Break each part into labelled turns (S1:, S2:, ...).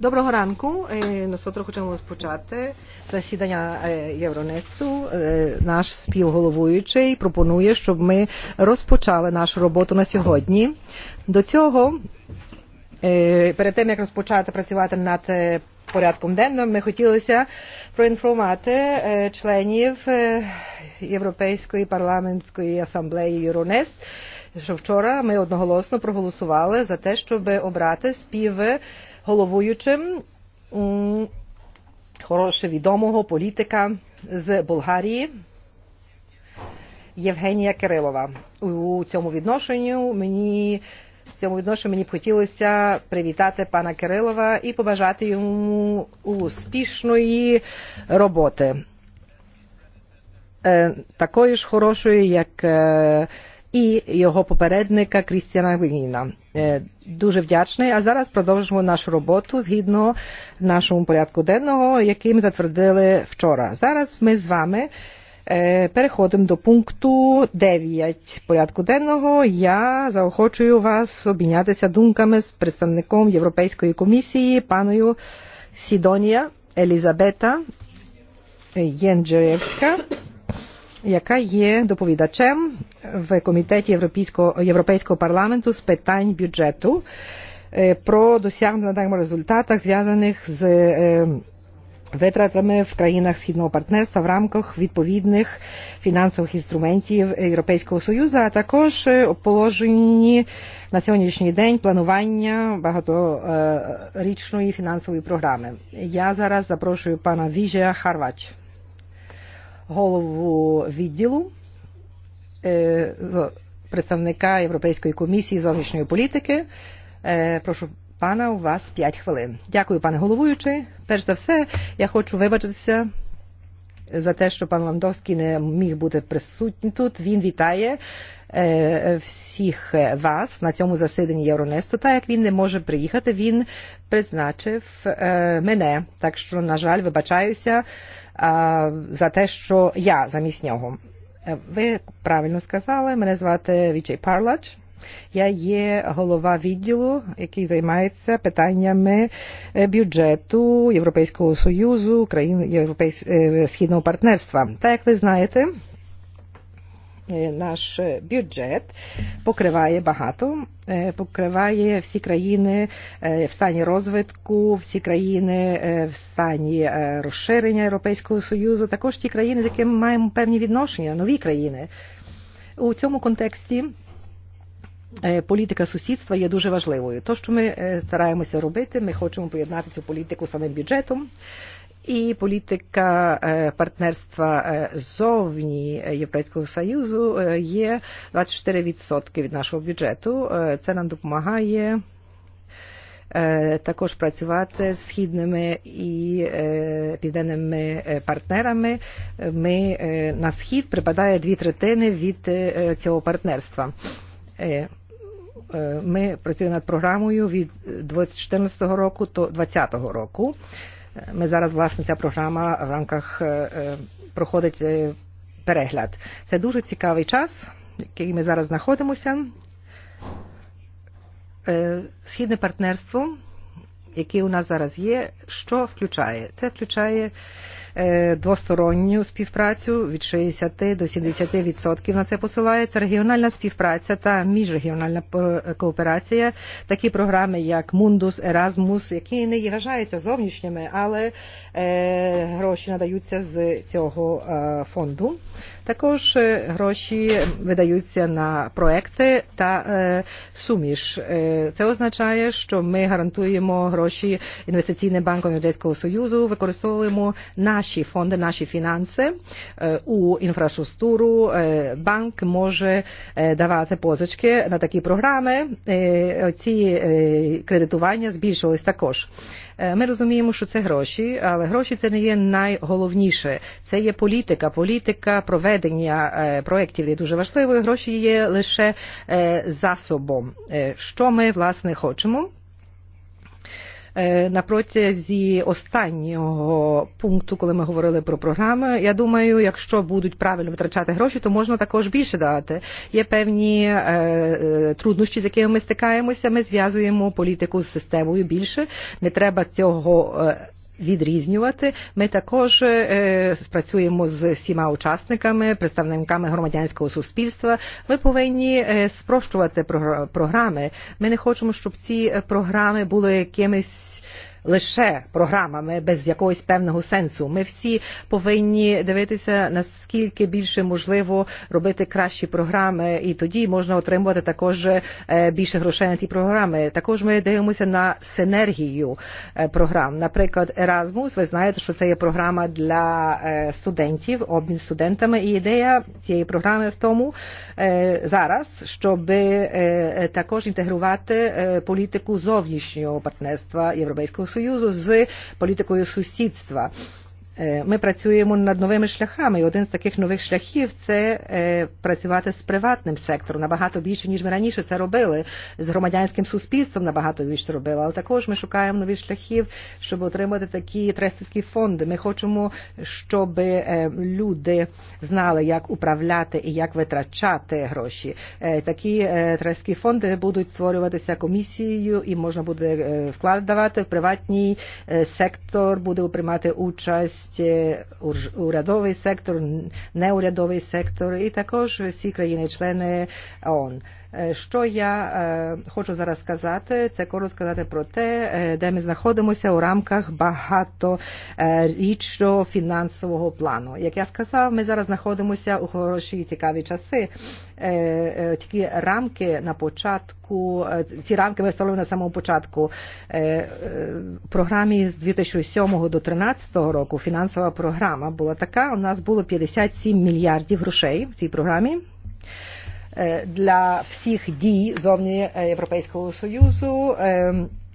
S1: Доброго ранку. Насотро хочемо розпочати засідання Євронесту. Наш співголовуючий пропонує, щоб ми розпочали нашу роботу на сьогодні. До цього перед тим як розпочати працювати над порядком денним, ми хотілося проінформувати членів Європейської парламентської асамблеї Юронест, що вчора ми одноголосно проголосували за те, щоб обрати спів головуючим хороше відомого політика з Болгарії Євгенія Кирилова. У цьому відношенню мені цьому відношенні мені б хотілося привітати пана Кирилова і побажати йому успішної роботи. Такої ж хорошої, як і його попередника Крістіана Вігіна. Дуже вдячний. А зараз продовжимо нашу роботу згідно нашому порядку денного, який ми затвердили вчора. Зараз ми з вами Переходимо до пункту 9 порядку денного. Я заохочую вас обмінятися думками з представником Європейської комісії паною Сідонія Елізабета Єнджерєвська, яка є доповідачем в комітеті Європейського, Європейського парламенту з питань бюджету про досягнення результатів, зв'язаних з витратами в країнах східного партнерства в рамках відповідних фінансових інструментів Європейського Союзу, а також положені на сьогоднішній день планування багаторічної фінансової програми. Я зараз запрошую пана Віжія Харвач, голову відділу представника Європейської комісії зовнішньої політики. Прошу пана, у вас 5 хвилин. Дякую, пане головуючий. Перш за все, я хочу вибачитися за те, що пан Ландовський не міг бути присутній тут. Він вітає всіх вас на цьому засіданні Євронесту. так як він не може приїхати, він призначив мене. Так що, на жаль, вибачаюся за те, що я замість нього. Ви правильно сказали, мене звати Вічей Парлач. Я є голова відділу, який займається питаннями бюджету Європейського Союзу, країн Європейсь... Східного партнерства. Та як ви знаєте, наш бюджет покриває багато, покриває всі країни в стані розвитку, всі країни в стані розширення Європейського Союзу, також ті країни, з якими маємо певні відношення, нові країни. У цьому контексті Політика сусідства є дуже важливою. То, що ми стараємося робити, ми хочемо поєднати цю політику самим бюджетом. І політика партнерства зовні Європейського Союзу є 24% від нашого бюджету. Це нам допомагає також працювати з східними і південними партнерами. Ми на схід припадає дві третини від цього партнерства. Ми працюємо над програмою від 2014 року до 2020 року. Ми зараз, власне, ця програма в рамках проходить перегляд. Це дуже цікавий час, який ми зараз знаходимося. Східне партнерство, яке у нас зараз є, що включає? Це включає двосторонню співпрацю від 60 до 70% на це посилається. Регіональна співпраця та міжрегіональна кооперація, такі програми, як Мундус, Еразмус, які не вважаються зовнішніми, але гроші надаються з цього фонду. Також гроші видаються на проекти та суміш. Це означає, що ми гарантуємо гроші інвестиційним банком Європейського Союзу, використовуємо наші naši fond, naši finance u infrastrukturu, bank може давати позички на такі програми. Ці кредитування збільшились також. Ми розуміємо, що це гроші, але гроші це не є найголовніше. Це є політика. Політика проведення проєктів є дуже важливою. Гроші є лише засобом. Що ми власне хочемо? на протязі останнього пункту, коли ми говорили про програми. Я думаю, якщо будуть правильно витрачати гроші, то можна також більше давати. Є певні труднощі, з якими ми стикаємося. Ми зв'язуємо політику з системою більше. Не треба цього відрізнювати. Ми також е, спрацюємо з всіма учасниками, представниками громадянського суспільства. Ми повинні е, спрощувати програми. Ми не хочемо, щоб ці програми були якимись лише програмами, без якогось певного сенсу. Ми всі повинні дивитися, наскільки більше можливо робити кращі програми, і тоді можна отримувати також більше грошей на ті програми. Також ми дивимося на синергію програм. Наприклад, Erasmus, ви знаєте, що це є програма для студентів, обмін студентами, і ідея цієї програми в тому зараз, щоб також інтегрувати політику зовнішнього партнерства Європейського Союзу з політикою сусідства. Ми працюємо над новими шляхами, і один з таких нових шляхів це працювати з приватним сектором набагато більше, ніж ми раніше це робили, з громадянським суспільством набагато більше це робили. Але також ми шукаємо нові шляхів, щоб отримати такі трестовські фонди. Ми хочемо, щоб люди знали, як управляти і як витрачати гроші. Такі трестовські фонди будуть створюватися комісією, і можна буде вклад давати в приватний сектор, буде приймати участь prostě úradový sektor, neúradový sektor i takož si krajiny členy on. Що я хочу зараз сказати, це коротко сказати про те, де ми знаходимося у рамках багаторічного фінансового плану. Як я сказав, ми зараз знаходимося у хороші і цікаві часи. Такі рамки на початку, ці рамки ми встановили на самому початку програмі з 2007 до 2013 року. Фінансова програма була така. У нас було 57 мільярдів грошей в цій програмі для всіх дій зовні Європейського Союзу.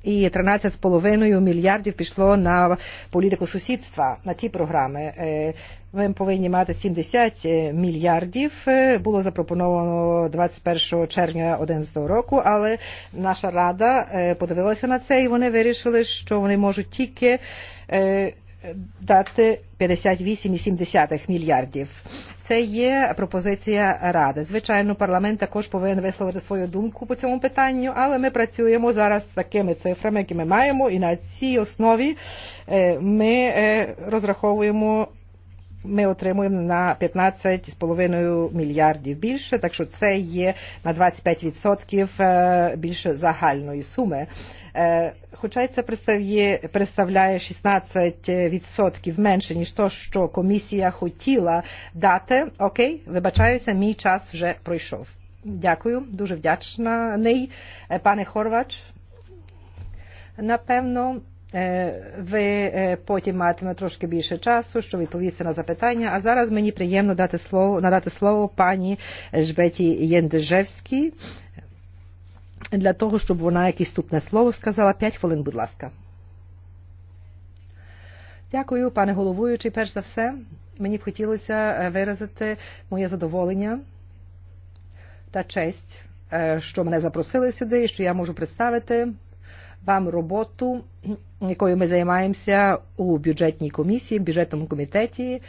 S1: І 13,5 мільярдів пішло на політику сусідства, на ці програми. Ми повинні мати 70 мільярдів. Було запропоновано 21 червня 2011 року, але наша рада подивилася на це, і вони вирішили, що вони можуть тільки дати 58,7 мільярдів. Це є пропозиція Ради. Звичайно, парламент також повинен висловити свою думку по цьому питанню, але ми працюємо зараз з такими цифрами, які ми маємо, і на цій основі ми розраховуємо ми отримуємо на 15,5 мільярдів більше, так що це є на 25% більше загальної суми. Хоча це представляє 16% менше, ніж то, що комісія хотіла дати. Окей, вибачаюся, мій час вже пройшов. Дякую, дуже вдячна неї. Пане Хорвач, напевно, ви потім матиме трошки більше часу, щоб відповісти на запитання. А зараз мені приємно дати слово, надати слово пані Жбеті Єндежевській, для того, щоб вона якесь ступне слово сказала. П'ять хвилин, будь ласка. Дякую, пане головуючий. Перш за все, мені б хотілося виразити моє задоволення та честь, що мене запросили сюди і що я можу представити вам роботу, якою ми займаємося у бюджетній комісії, в бюджетному комітеті,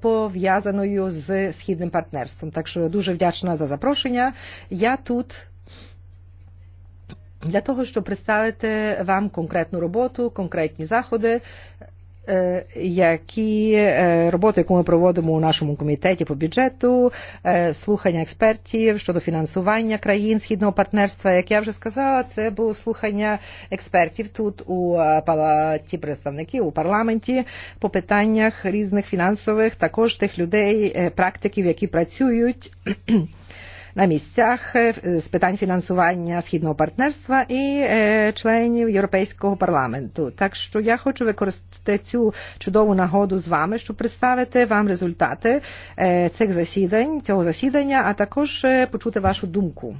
S1: пов'язаною з східним партнерством. Так що дуже вдячна за запрошення. Я тут для того, щоб представити вам конкретну роботу, конкретні заходи, які роботи, яку ми проводимо у нашому комітеті по бюджету, слухання експертів щодо фінансування країн східного партнерства. Як я вже сказала, це було слухання експертів тут у палаті представників у парламенті по питаннях різних фінансових, також тих людей, практиків, які працюють на місцях з питань фінансування східного партнерства і членів Європейського парламенту. Так що я хочу використати цю чудову нагоду з вами, щоб представити вам результати цих засідань, цього засідання, а також почути вашу думку.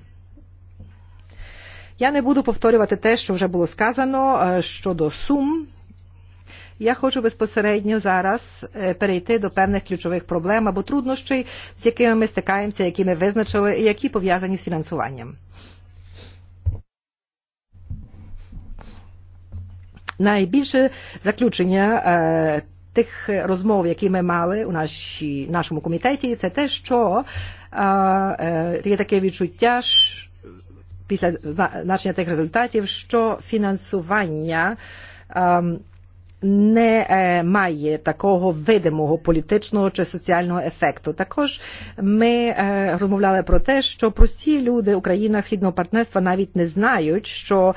S1: Я не буду повторювати те, що вже було сказано щодо сум Я хочу безпосередньо зараз перейти до певних ключових проблем або труднощей, з якими ми стикаємося, які ми визначили і які пов'язані з фінансуванням. Найбільше заключення тих розмов, які ми мали у нашій, нашому комітеті, це те, що є таке відчуття, після значення тих результатів, що фінансування не має такого видимого політичного чи соціального ефекту. Також ми розмовляли про те, що прості люди Україна східного партнерства навіть не знають, що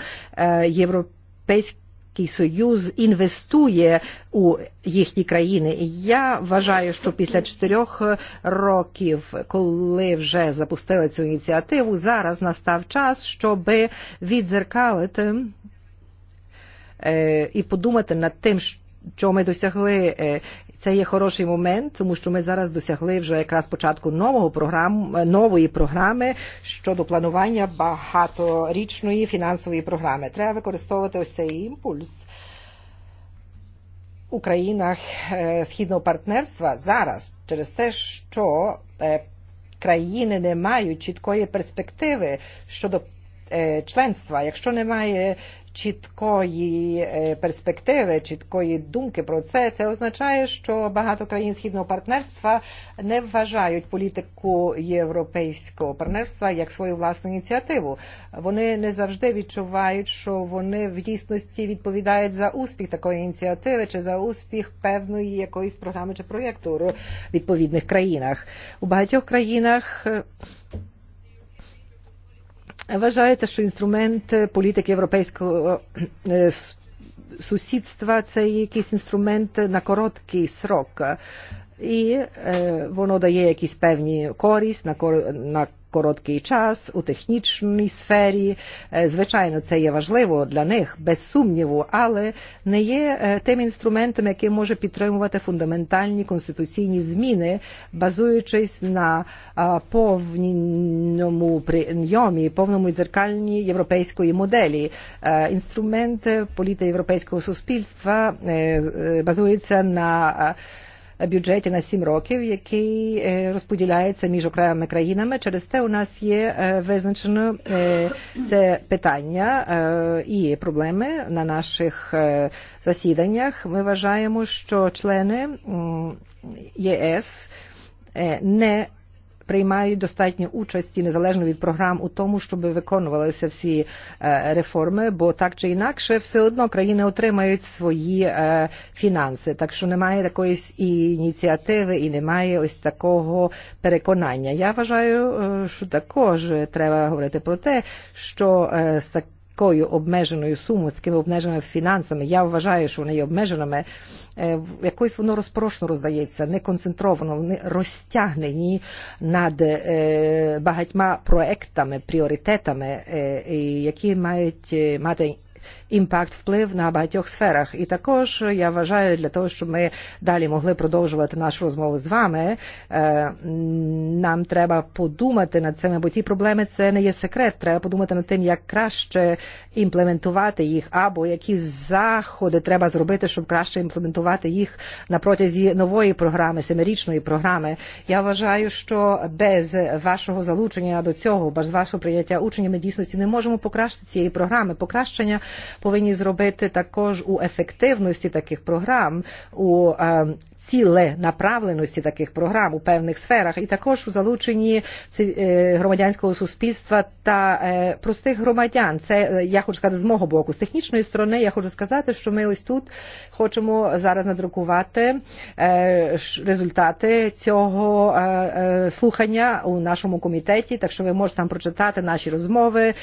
S1: європейські який Союз інвестує у їхні країни. І я вважаю, що після чотирьох років, коли вже запустили цю ініціативу, зараз настав час, щоб відзеркалити е, і подумати над тим, що ми досягли. Е, Це є хороший момент, тому що ми зараз досягли вже якраз початку нового програм, нової програми щодо планування багаторічної фінансової програми. Треба використовувати ось цей імпульс у країнах східного партнерства зараз через те, що країни не мають чіткої перспективи щодо членства. Якщо немає чіткої перспективи, чіткої думки про це. Це означає, що багато країн східного партнерства не вважають політику європейського партнерства як свою власну ініціативу. Вони не завжди відчувають, що вони в дійсності відповідають за успіх такої ініціативи чи за успіх певної якоїсь програми чи проєкту у відповідних країнах. У багатьох країнах Вважається, що інструмент політики європейського сусідства це якийсь інструмент на короткий срок, і воно дає якісь певні користь на на короткий час у технічній сфері. Звичайно, це є важливо для них, без сумніву, але не є тим інструментом, який може підтримувати фундаментальні конституційні зміни, базуючись на повній u приеми, повному і дзеркальні європейської моделі. Інструмент політи європейського суспільства базується на бюджеті на 7 років, який розподіляється між окремими країнами. Через те у нас є визначено це питання і проблеми на наших засіданнях. Ми вважаємо, що члени ЄС не приймають достатньо участі незалежно від програм у тому, щоб виконувалися всі реформи, бо так чи інакше все одно країни отримають свої фінанси. Так що немає такої ініціативи і немає ось такого переконання. Я вважаю, що також треба говорити про те, що з таким такою обмеженою сумою, з такими обмеженими фінансами, я вважаю, що вони є обмеженими, якось воно розпорошно роздається, не концентровано, вони розтягнені над багатьма проектами, пріоритетами, які мають мати імпакт вплив на багатьох сферах. І також я вважаю, для того, щоб ми далі могли продовжувати нашу розмову з вами, нам треба подумати над цими, бо ті проблеми це не є секрет. Треба подумати над тим, як краще імплементувати їх, або які заходи треба зробити, щоб краще імплементувати їх на протязі нової програми, семирічної програми. Я вважаю, що без вашого залучення до цього, без вашого прийняття учення, ми дійсності не можемо покращити цієї програми. Покращення повинні зробити також у ефективності таких програм, у ціле направленості таких програм у певних сферах, і також у залученні громадянського суспільства та простих громадян. Це я хочу сказати з мого боку. З технічної сторони я хочу сказати, що ми ось тут хочемо зараз надрукувати результати цього слухання у нашому комітеті. Так що ви можете там прочитати наші розмови,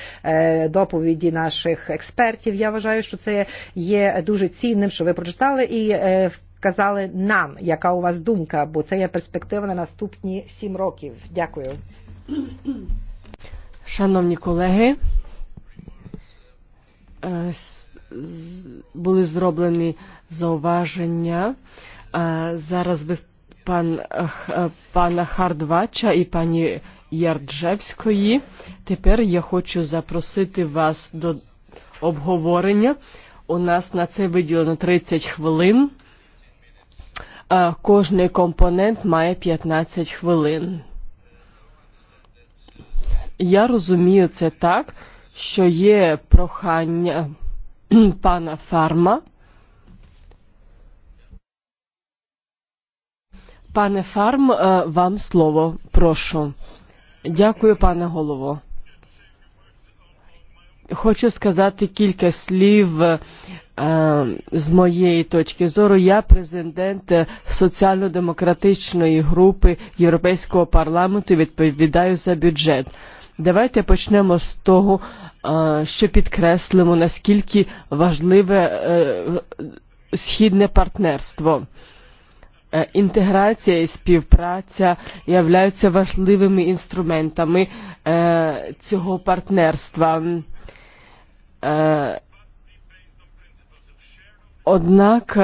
S1: доповіді наших експертів. Я вважаю, що це є дуже цінним, що ви прочитали і в сказали нам, яка у вас думка, бо це є перспектива на наступні сім років. Дякую.
S2: Шановні колеги, були зроблені зауваження. Зараз ви пан, пана Хардвача і пані Ярджевської. Тепер я хочу запросити вас до обговорення. У нас на це виділено 30 хвилин. Кожний компонент має 15 хвилин. Я розумію це так, що є прохання пана Фарма. Пане Фарм, вам слово, прошу. Дякую, пане голово. Хочу сказати кілька слів З моєї точки зору, я президент соціально-демократичної групи Європейського парламенту і відповідаю за бюджет. Давайте почнемо з того, що підкреслимо, наскільки важливе східне партнерство. Інтеграція і співпраця являються важливими інструментами цього партнерства однак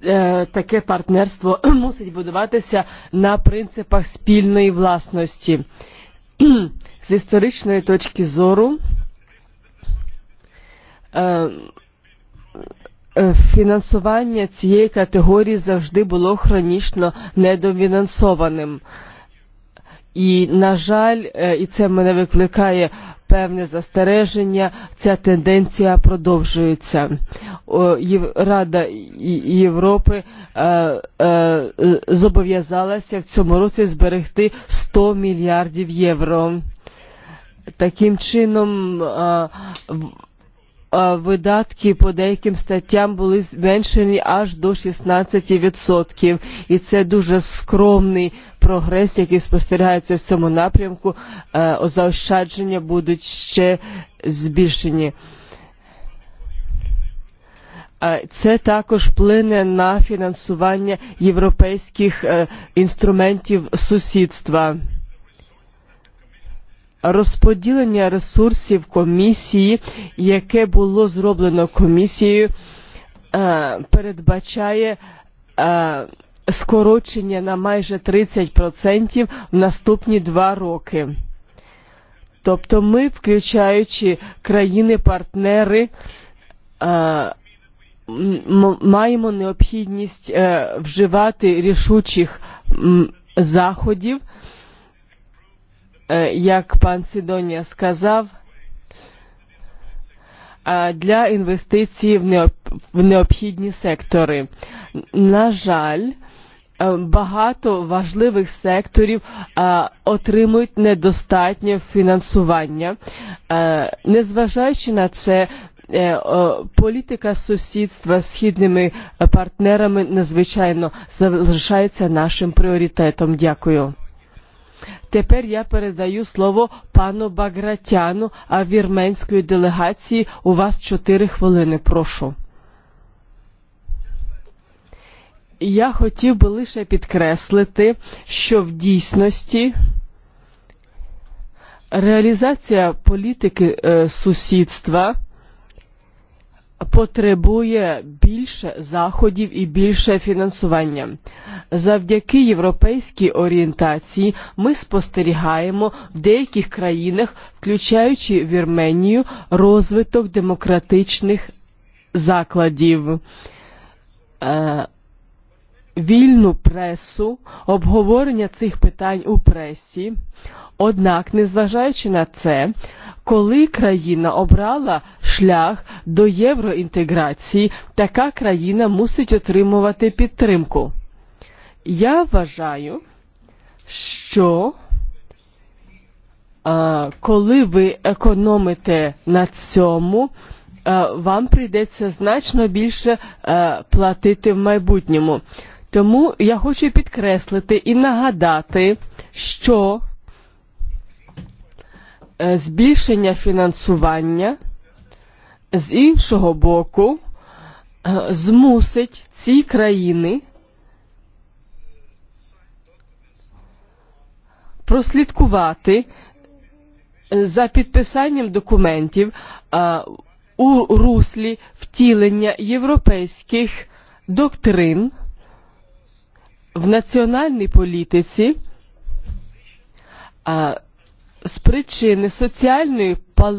S2: таке партнерство мусить будуватися на принципах спільної власності. З історичної точки зору фінансування цієї категорії завжди було хронічно недофінансованим. І, на жаль, і це мене викликає певне застереження, ця тенденція продовжується. Рада Європи зобов'язалася в цьому році зберегти 100 мільярдів євро. Таким чином видатки по деяким статтям були зменшені аж до 16%. І це дуже скромний прогрес, який спостерігається в цьому напрямку. Заощадження будуть ще збільшені. Це також вплине на фінансування європейських інструментів сусідства розподілення ресурсів комісії, яке було зроблено комісією, передбачає скорочення на майже 30% в наступні два роки. Тобто ми, включаючи країни-партнери, маємо необхідність вживати рішучих заходів як пан Сідонія сказав, для інвестицій в необхідні сектори. На жаль, багато важливих секторів отримують недостатнє фінансування. Незважаючи на це, політика сусідства з східними партнерами, незвичайно, залишається нашим пріоритетом. Дякую. Тепер я передаю слово пану Багратяну, а вірменської делегації у вас 4 хвилини. Прошу. Я хотів би лише підкреслити, що в дійсності реалізація політики е, сусідства – потребує більше заходів і більше фінансування. Завдяки європейській орієнтації ми спостерігаємо в деяких країнах, включаючи Вірменію, розвиток демократичних закладів. Вільну пресу, обговорення цих питань у пресі. Однак, незважаючи на це, коли країна обрала шлях до євроінтеграції, така країна мусить отримувати підтримку. Я вважаю, що а, коли ви економите на цьому, а, вам прийдеться значно більше а, платити в майбутньому. Тому я хочу підкреслити і нагадати, що збільшення фінансування з іншого боку змусить ці країни прослідкувати за підписанням документів у руслі втілення європейських доктрин в національній політиці з причини соціальної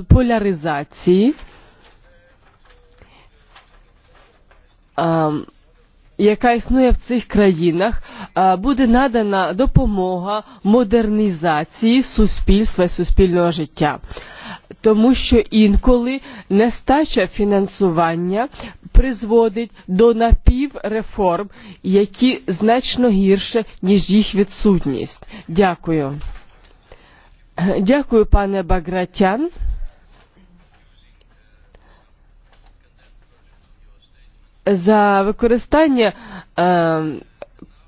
S2: поляризації, яка існує в цих країнах, буде надана допомога модернізації суспільства і суспільного життя. Тому що інколи нестача фінансування призводить до напівреформ, які значно гірше, ніж їх відсутність. Дякую. Дякую, пане Багратян. За використання е,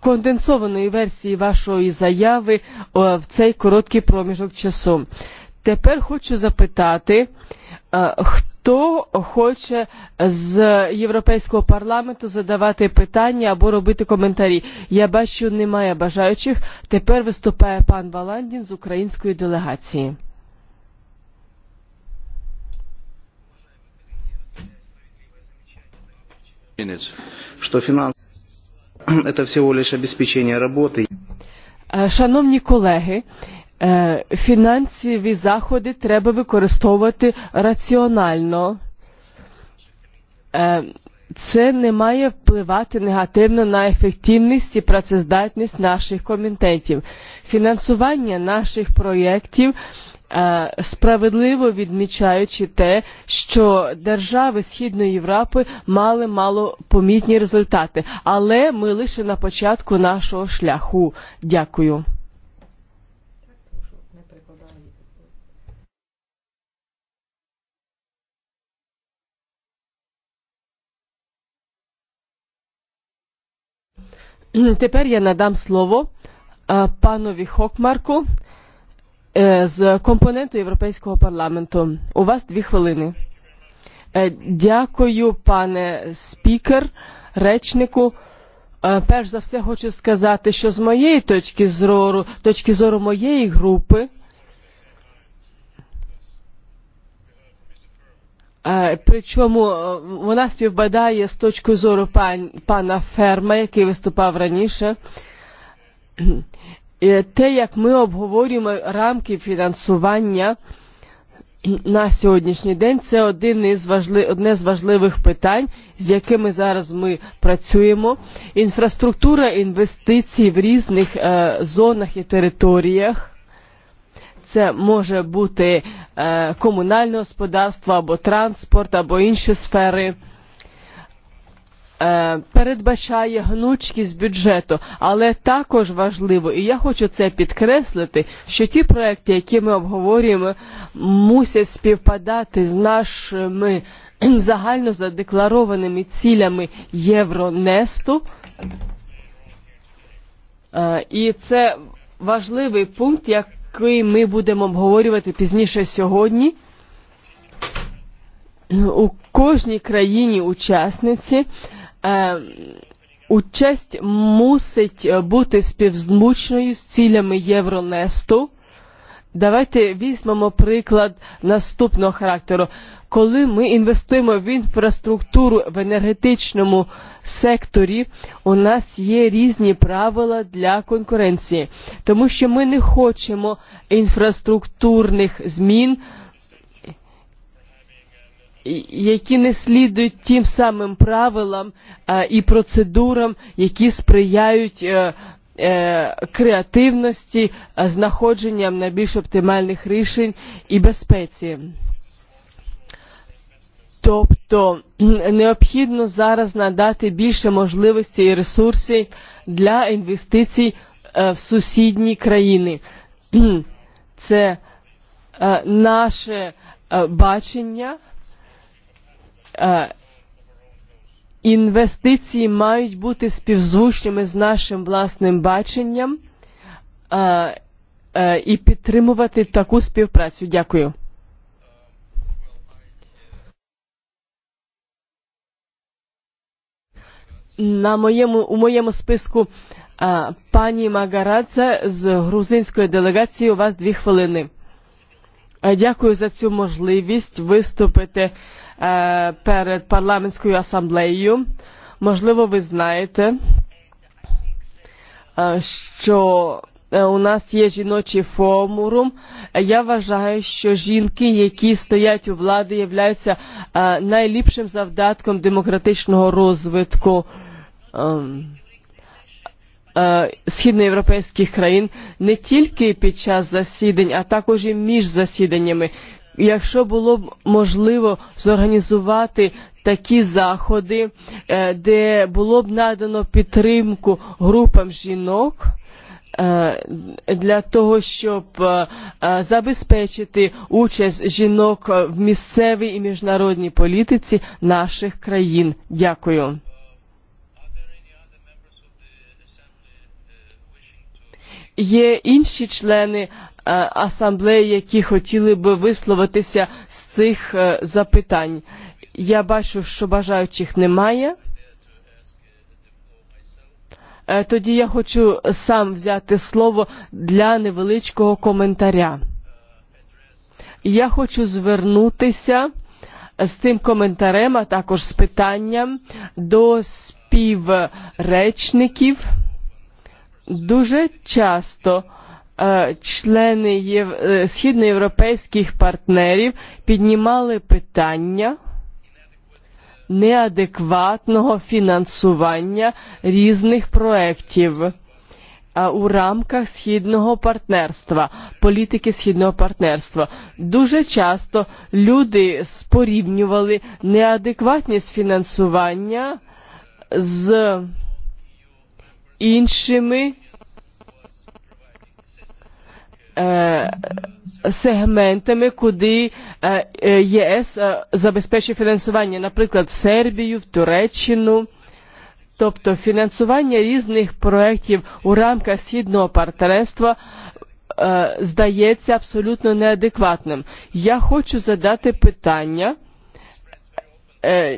S2: конденсованої версії вашої заяви в цей короткий проміжок часу. Тепер хочу запитати, е, хто хто хоче з Європейського парламенту задавати питання або робити коментарі. Я бачу, немає бажаючих. Тепер виступає пан Валандін з української делегації.
S3: Что финансы – это всего лишь обеспечение работы.
S2: Шановні колеги, фінансові заходи треба використовувати раціонально. Це не має впливати негативно на ефективність і працездатність наших комітетів. Фінансування наших проєктів справедливо відмічаючи те, що держави Східної Європи мали мало помітні результати. Але ми лише на початку нашого шляху. Дякую. Тепер я надам слово панові Хокмарку з компоненту Європейського парламенту. У вас дві хвилини. Дякую, пане спікер, речнику. Перш за все хочу сказати, що з моєї точки зору, точки зору моєї групи, Причому вона співбадає з точки зору пана Ферма, який виступав раніше. Те, як ми обговорюємо рамки фінансування на сьогоднішній день, це один із важли, одне з важливих питань, з якими зараз ми працюємо. Інфраструктура інвестицій в різних е, зонах і територіях Це може бути е, комунальне господарство або транспорт, або інші сфери. Е, передбачає гнучкість бюджету, але також важливо, і я хочу це підкреслити, що ті проекти, які ми обговорюємо, мусять співпадати з нашими загально задекларованими цілями Євронесту. і це важливий пункт, як який ми будемо обговорювати пізніше сьогодні. У кожній країні-учасниці е, участь мусить бути співзмучною з цілями Євронесту. Давайте візьмемо приклад наступного характеру коли ми інвестуємо в інфраструктуру в енергетичному секторі, у нас є різні правила для конкуренції, тому що ми не хочемо інфраструктурних змін, які не слідують тим самим правилам а, і процедурам, які сприяють а, а, креативності, знаходженням найбільш оптимальних рішень і безпеці. Тобто необхідно зараз надати більше можливостей і ресурсів для інвестицій в сусідні країни. Це наше бачення. Інвестиції мають бути співзвучними з нашим власним баченням і підтримувати таку співпрацю. Дякую. на моєму, у моєму списку а, пані Магарадзе з грузинської делегації. У вас дві хвилини. А, дякую за цю можливість виступити а, перед парламентською асамблеєю. Можливо, ви знаєте, а, що у нас є жіночий форум. Я вважаю, що жінки, які стоять у влади, являються найліпшим завдатком демократичного розвитку східноєвропейських країн не тільки під час засідань, а також і між засіданнями. Якщо було б можливо зорганізувати такі заходи, де було б надано підтримку групам жінок, для того, щоб забезпечити участь жінок в місцевій і міжнародній політиці наших країн. Дякую. Є інші члени асамблеї, які хотіли би висловитися з цих запитань. Я бачу, що бажаючих немає. Тоді я хочу сам взяти слово для невеличкого коментаря. Я хочу звернутися з тим коментарем, а також з питанням до співречників. речників Дуже часто члени Єв... східноєвропейських партнерів піднімали питання неадекватного фінансування різних проєктів у рамках східного партнерства, політики східного партнерства. Дуже часто люди спорівнювали неадекватність фінансування з іншими сегментами, куди ЄС забезпечує фінансування, наприклад, в Сербію, в Туреччину. Тобто фінансування різних проєктів у рамках східного партнерства здається абсолютно неадекватним. Я хочу задати питання –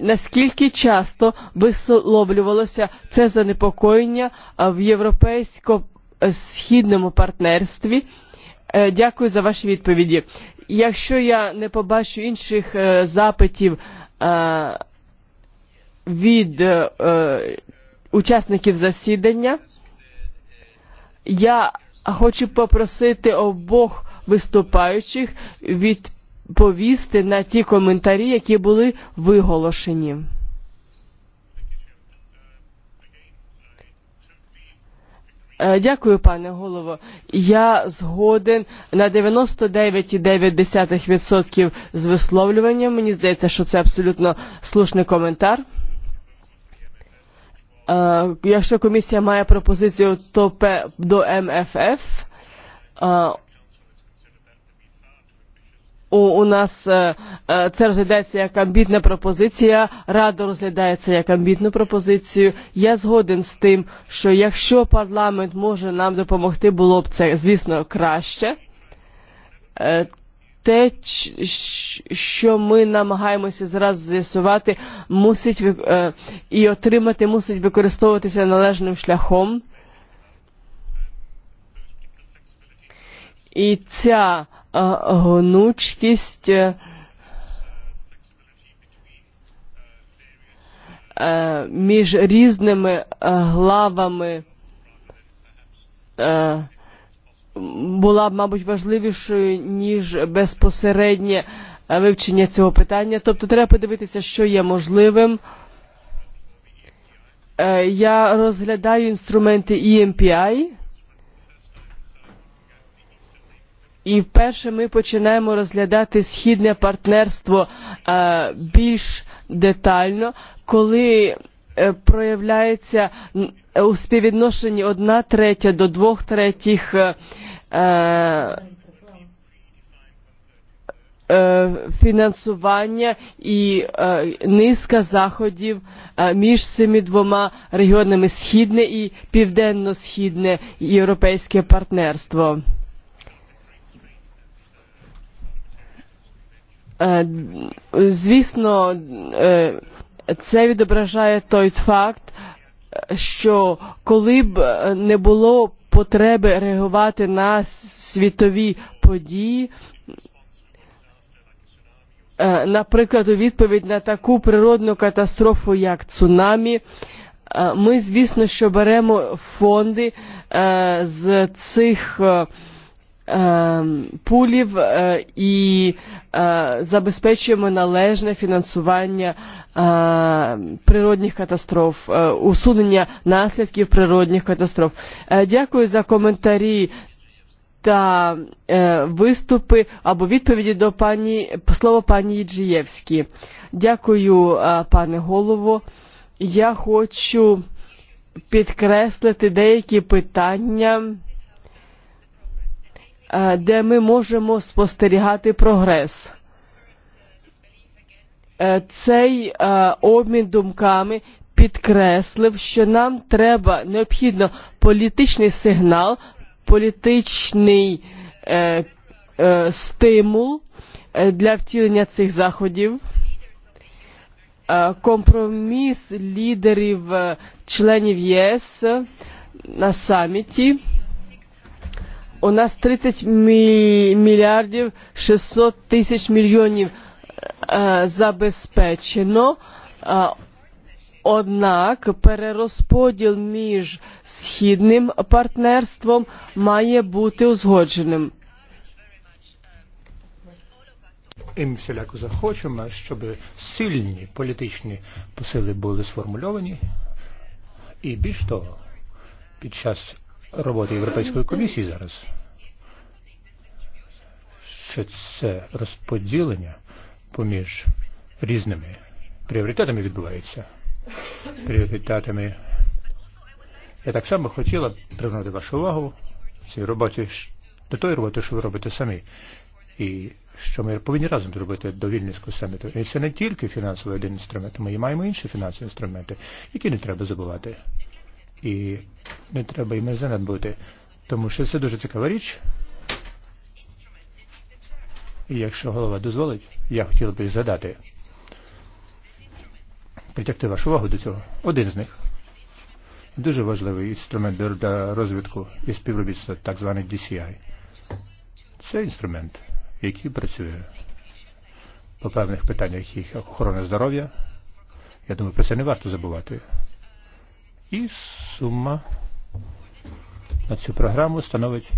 S2: наскільки часто висловлювалося це занепокоєння в європейсько-східному партнерстві? Дякую за ваші відповіді. Якщо я не побачу інших запитів від учасників засідання, я хочу попросити обох виступаючих від відповісти на ті коментарі, які були виголошені. Дякую, пане голово. Я згоден на 99,9% з висловлюванням. Мені здається, що це абсолютно слушний коментар. Якщо комісія має пропозицію то до МФФ, у, у нас е, е, це розглядається як амбітна пропозиція, Рада розглядає це як амбітну пропозицію. Я згоден з тим, що якщо парламент може нам допомогти, було б це, звісно, краще. Е, те, що ми намагаємося зараз з'ясувати, мусить е, і отримати, мусить використовуватися належним шляхом. І ця гнучкість між різними главами була б, мабуть, важливішою, ніж безпосереднє вивчення цього питання. Тобто треба подивитися, що є можливим. Я розглядаю інструменти EMPI – І вперше ми починаємо розглядати східне партнерство більш детально, коли проявляється у співвідношенні одна третя до двох третіх фінансування і низка заходів між цими двома регіонами східне і південно східне європейське партнерство. Звісно, це відображає той факт, що коли б не було потреби реагувати на світові події, наприклад, у відповідь на таку природну катастрофу, як цунамі, ми, звісно, що беремо фонди з цих пулів і забезпечуємо належне фінансування природних катастроф, усунення наслідків природних катастроф. Дякую за коментарі та е, виступи або відповіді до пані слово пані Єджієвській. Дякую, е, пане голово. Я хочу підкреслити деякі питання де ми можемо спостерігати прогрес. Цей обмін думками підкреслив, що нам треба необхідно політичний сигнал, політичний е, е, стимул для втілення цих заходів, компроміс лідерів членів ЄС на саміті – у нас 30 миллиардов 600 тысяч миллионов э, забезпечено. э, однако перерозподіл між східним партнерством має бути узгодженим.
S4: І ми всіляко захочемо, щоб сильні політичні посили були сформульовані. І більш того, під час роботи Європейської комісії зараз. Що це розподілення поміж різними пріоритетами відбувається. Пріоритетами. Я так само хотіла привернути вашу увагу цій роботі до тої роботи, що ви робите самі. І що ми повинні разом зробити до Вільнюського саміту. І це не тільки фінансовий один інструмент, ми маємо інші фінансові інструменти, які не треба забувати і не треба і не занедбути. Тому що це дуже цікава річ. І якщо голова дозволить, я хотів би згадати, притягти вашу увагу до цього. Один з них. Дуже важливий інструмент для розвитку і співробітництва, так званий DCI. Це інструмент, який працює по певних питаннях їх охорони здоров'я. Я думаю, про це не варто забувати і сума на цю програму становить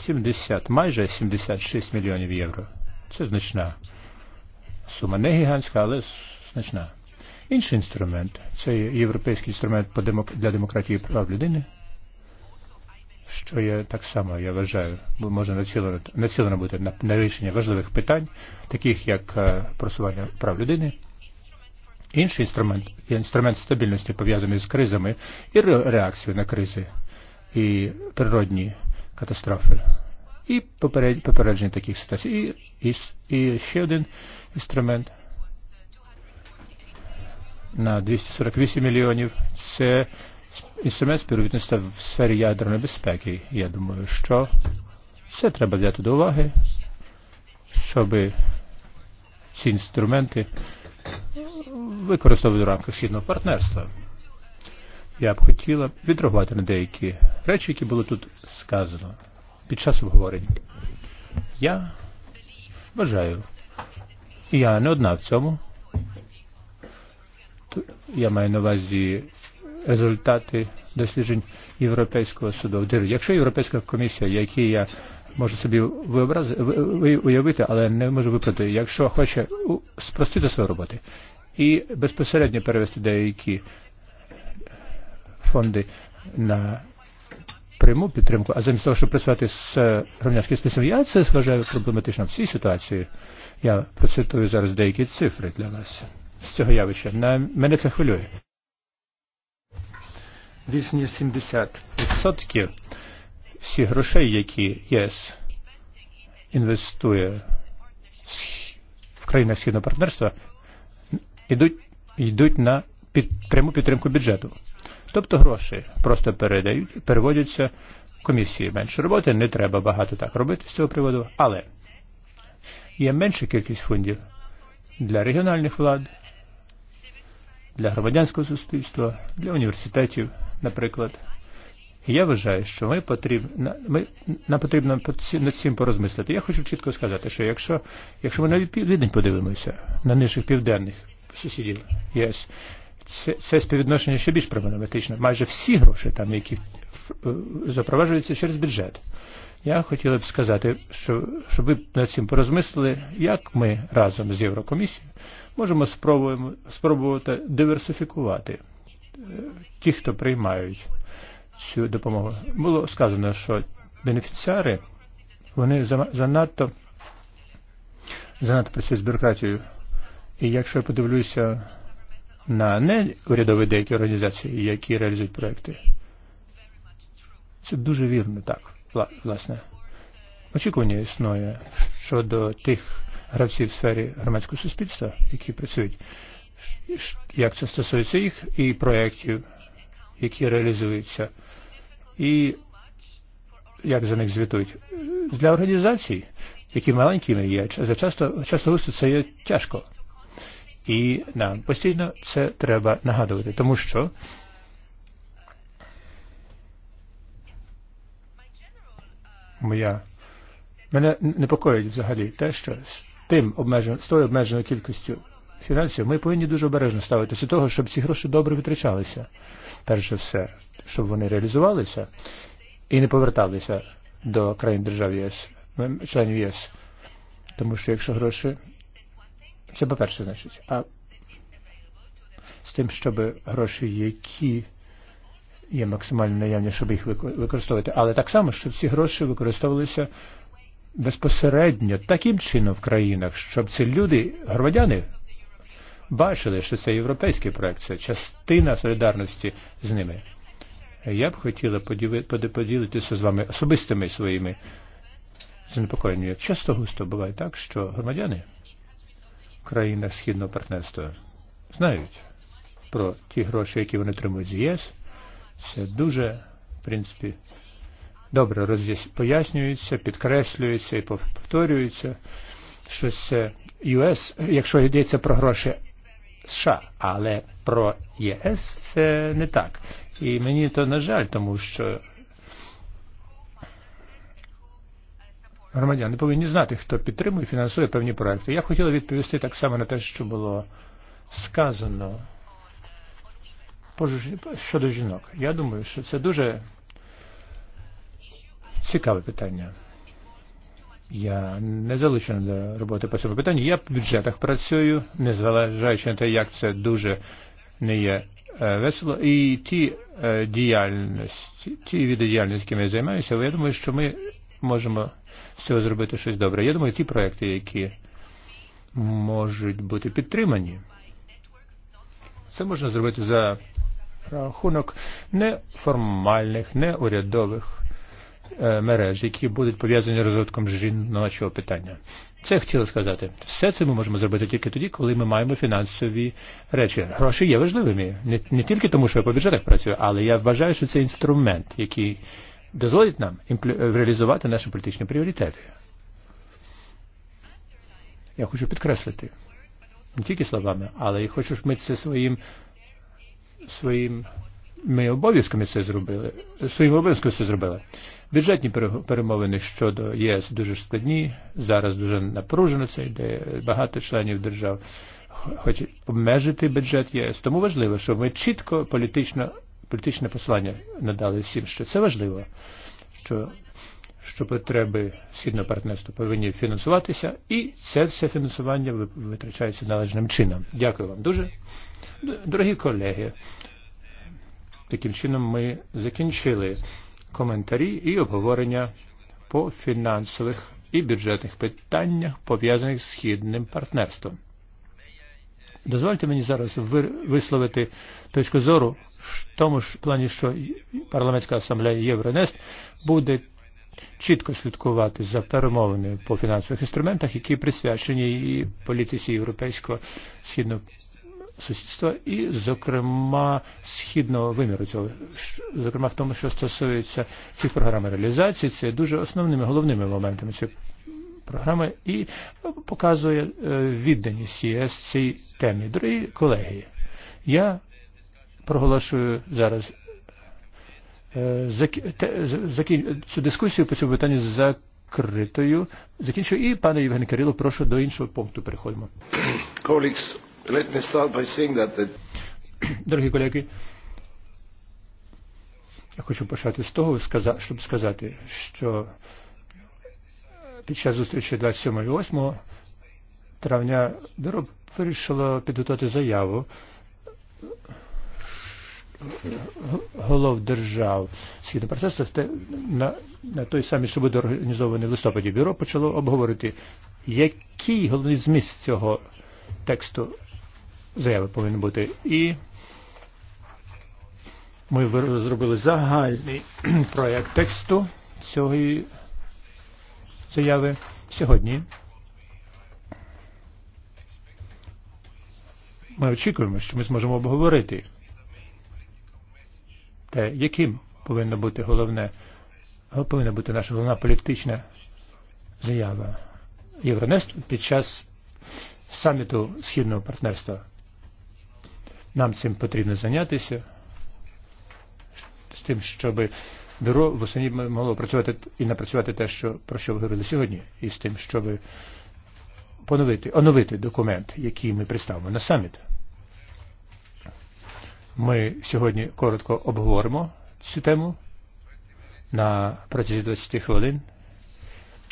S4: 70, майже 76 мільйонів євро. Це значна сума, не гігантська, але значна. Інший інструмент це європейський інструмент по демок... для демократії і прав людини, що є так само, я вважаю, може націлено, націлено бути на, на рішення важливих питань, таких як просування прав людини – Інший інструмент інструмент стабільності, пов'язаний з кризами і реакцією на кризи і природні катастрофи. І попередження таких ситуацій. І, і, і ще один інструмент на 248 мільйонів це інструмент співробітництва в сфері ядерної безпеки. Я думаю, що це треба взяти до уваги, щоб ці інструменти використовують в рамках східного партнерства. Я б хотіла відреагувати на деякі речі, які були тут сказано під час обговорень. Я вважаю, і я не одна в цьому. Я маю на увазі результати досліджень Європейського суду. Якщо Європейська комісія, які я можу собі виобрази, уявити, але не можу виправити, якщо хоче спростити свою роботу i bezposrednje prevesti dejki fondi na prvu pitremku, a zamiast toga što predstavljate s eh, rovnjačkim spisom, ja se slažaju problematično v svi situaciji. Ja predstavljaju zaraz dejki cifre dla vas. Z cього javiše. Na mene se hviljuje. Više ніж 70% всіх грошей, які ЄС інвестує в країнах Східного партнерства, йдуть йдуть на під, пряму підтримку бюджету. Тобто гроші просто передають, переводяться комісії. Менше роботи, не треба багато так робити з цього приводу, але є менша кількість фондів для регіональних влад, для громадянського суспільства, для університетів, наприклад. я вважаю, що ми потрібно, ми, нам потрібно над цим порозмислити. Я хочу чітко сказати, що якщо, якщо ми на південь подивимося, на наших південних сусідів ЄС. Це, це співвідношення ще більш проблематичне. Майже всі гроші, там, які запроваджуються через бюджет. Я хотіла б сказати, що, щоб ви над цим порозмислили, як ми разом з Єврокомісією можемо спробувати диверсифікувати ті, хто приймають цю допомогу. Було сказано, що бенефіціари, вони занадто, занадто працюють з бюрократією. І якщо я подивлюся на неурядові деякі організації, які реалізують проекти, це дуже вірно, так, власне. Очікування існує щодо тих гравців в сфері громадського суспільства, які працюють, як це стосується їх і проєктів, які реалізуються, і як за них звітують. Для організацій, які маленькими є, часто, часто це є тяжко i nam. Posljedno se treba nagадувати, тому що моя мене непокоїть взагалі те, що з тим обмежено, з тою обмеженою кількістю фінансів ми повинні дуже обережно ставитися до того, щоб ці гроші добре витрачалися. Перше все, щоб вони реалізувалися і не поверталися до країн держав ЄС, членів ЄС. Тому що якщо гроші Це по-перше, значить. А з тим, щоб гроші, які є максимально наявні, щоб їх використовувати. Але так само, щоб ці гроші використовувалися безпосередньо таким чином в країнах, щоб ці люди, громадяни, бачили, що це європейський проект, це частина солідарності з ними. Я б хотіла поділи, поділитися з вами особистими своїми занепокоєннями. Часто густо буває так, що громадяни країнах Східного партнерства. Знають про ті гроші, які вони отримують з ЄС. Це дуже, в принципі, добре пояснюється, підкреслюється і повторюється, що це ЮС, якщо йдеться про гроші США, але про ЄС це не так. І мені то на жаль, тому що громадяни повинні знати, хто підтримує і фінансує певні проекти. Я хотіла відповісти так само на те, що було сказано щодо жінок. Я думаю, що це дуже цікаве питання. Я не залучений до роботи по цьому питанню. Я в бюджетах працюю, незважаючи на те, як це дуже не є весело. І ті діяльності, ті види діяльності, якими я займаюся, я думаю, що ми можемо з цього зробити щось добре. Я думаю, ті проекти, які можуть бути підтримані, це можна зробити за рахунок неформальних, неурядових мереж, які будуть пов'язані з розвитком жіночого питання. Це я хотіла сказати. Все це ми можемо зробити тільки тоді, коли ми маємо фінансові речі. Гроші є важливими. Не, не тільки тому, що я по бюджетах працюю, але я вважаю, що це інструмент, який дозволить нам реализовать наши политические приоритеты. Я хочу подкреслить не только словами, але и хочу, чтобы мы это своим, своим ми обов'язками це зробили, своїм обов'язком це зробили. Бюджетні перемовини щодо ЄС дуже складні, зараз дуже напружено це йде, багато членів держав хочуть обмежити бюджет ЄС. Тому важливо, щоб ми чітко політично політичне послання надали всім, що це важливо, що, що потреби східного партнерства повинні фінансуватися, і це все фінансування витрачається належним чином. Дякую вам дуже. Дорогі колеги, таким чином ми закінчили коментарі і обговорення по фінансових і бюджетних питаннях, пов'язаних з східним партнерством. Дозвольте мені зараз висловити точку зору tomu plani što parlamentska asamblea i Euronest bude čitko slidkovati za peromovne po financijskih instrumentah, ki prisvjašenje i politici europejsko shidno susjedstvo i zokrema shidno vimjeru cijelo, zokrema k tomu što stosujeća tih programa realizacije, to je duže osnovnimi, glavnimi momentami cijelo програми і показує е, відданість ЄС цій темі. Другі колеги, проголошую зараз цю дискусію по цьому питанню закритою. Закінчую і пане Євген Кирило, прошу до іншого пункту переходимо. Дорогі колеги, я хочу почати з того, щоб сказати, що під час зустрічі 27 і 8 травня Дероб вирішила підготувати заяву голов держав східного процесу те, на, на той самій суботу організований в листопаді бюро почало обговорити, який головний зміст цього тексту заяви повинен бути. І ми розробили загальний проєкт тексту цього заяви сьогодні. Ми очікуємо, що ми зможемо обговорити те, яким повинно бути головне, повинна бути наша головна політична заява Євронесту під час саміту Східного партнерства. Нам цим потрібно зайнятися, з тим, щоб бюро восені могло працювати і напрацювати те, що, про що ви говорили сьогодні, і з тим, щоб поновити, оновити документ, який ми представимо на саміт. Ми сьогодні коротко обговоримо цю тему на протязі 20 хвилин.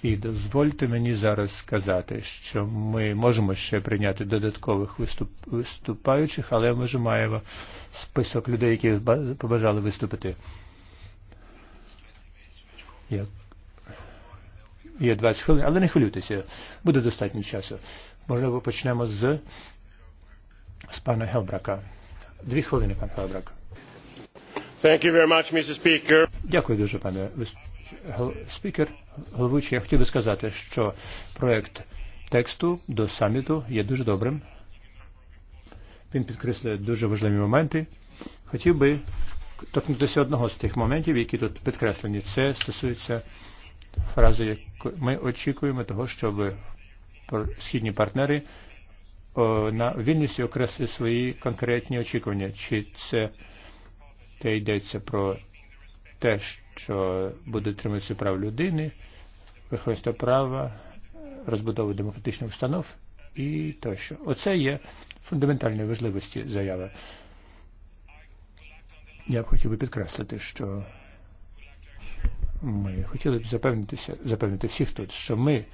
S4: І дозвольте мені зараз сказати, що ми можемо ще прийняти додаткових виступ, виступаючих, але ми вже маємо список людей, які побажали виступити. Як є 20 хвилин, але не хвилюйтеся, буде достатньо часу. Можливо, почнемо з, з пана Гелбрака. Thank
S5: you very much, Mr.
S4: Speaker. Дякую дуже, пане спікер. Головуючий, я хотів би сказати, що проект тексту до саміту є дуже добрим. Він підкреслює дуже важливі моменти. Хотів би торкнутися одного з тих моментів, які тут підкреслені. Це стосується фрази, яку ми очікуємо того, щоб східні партнери на вільність окреслює свої конкретні очікування. Чи це те йдеться про те, що буде триматися прав людини, верховенство права, розбудови демократичних установ і тощо. Оце є фундаментальної важливості заяви. Я б хотів би підкреслити, що ми хотіли б запевнитися, запевнити всіх тут, що ми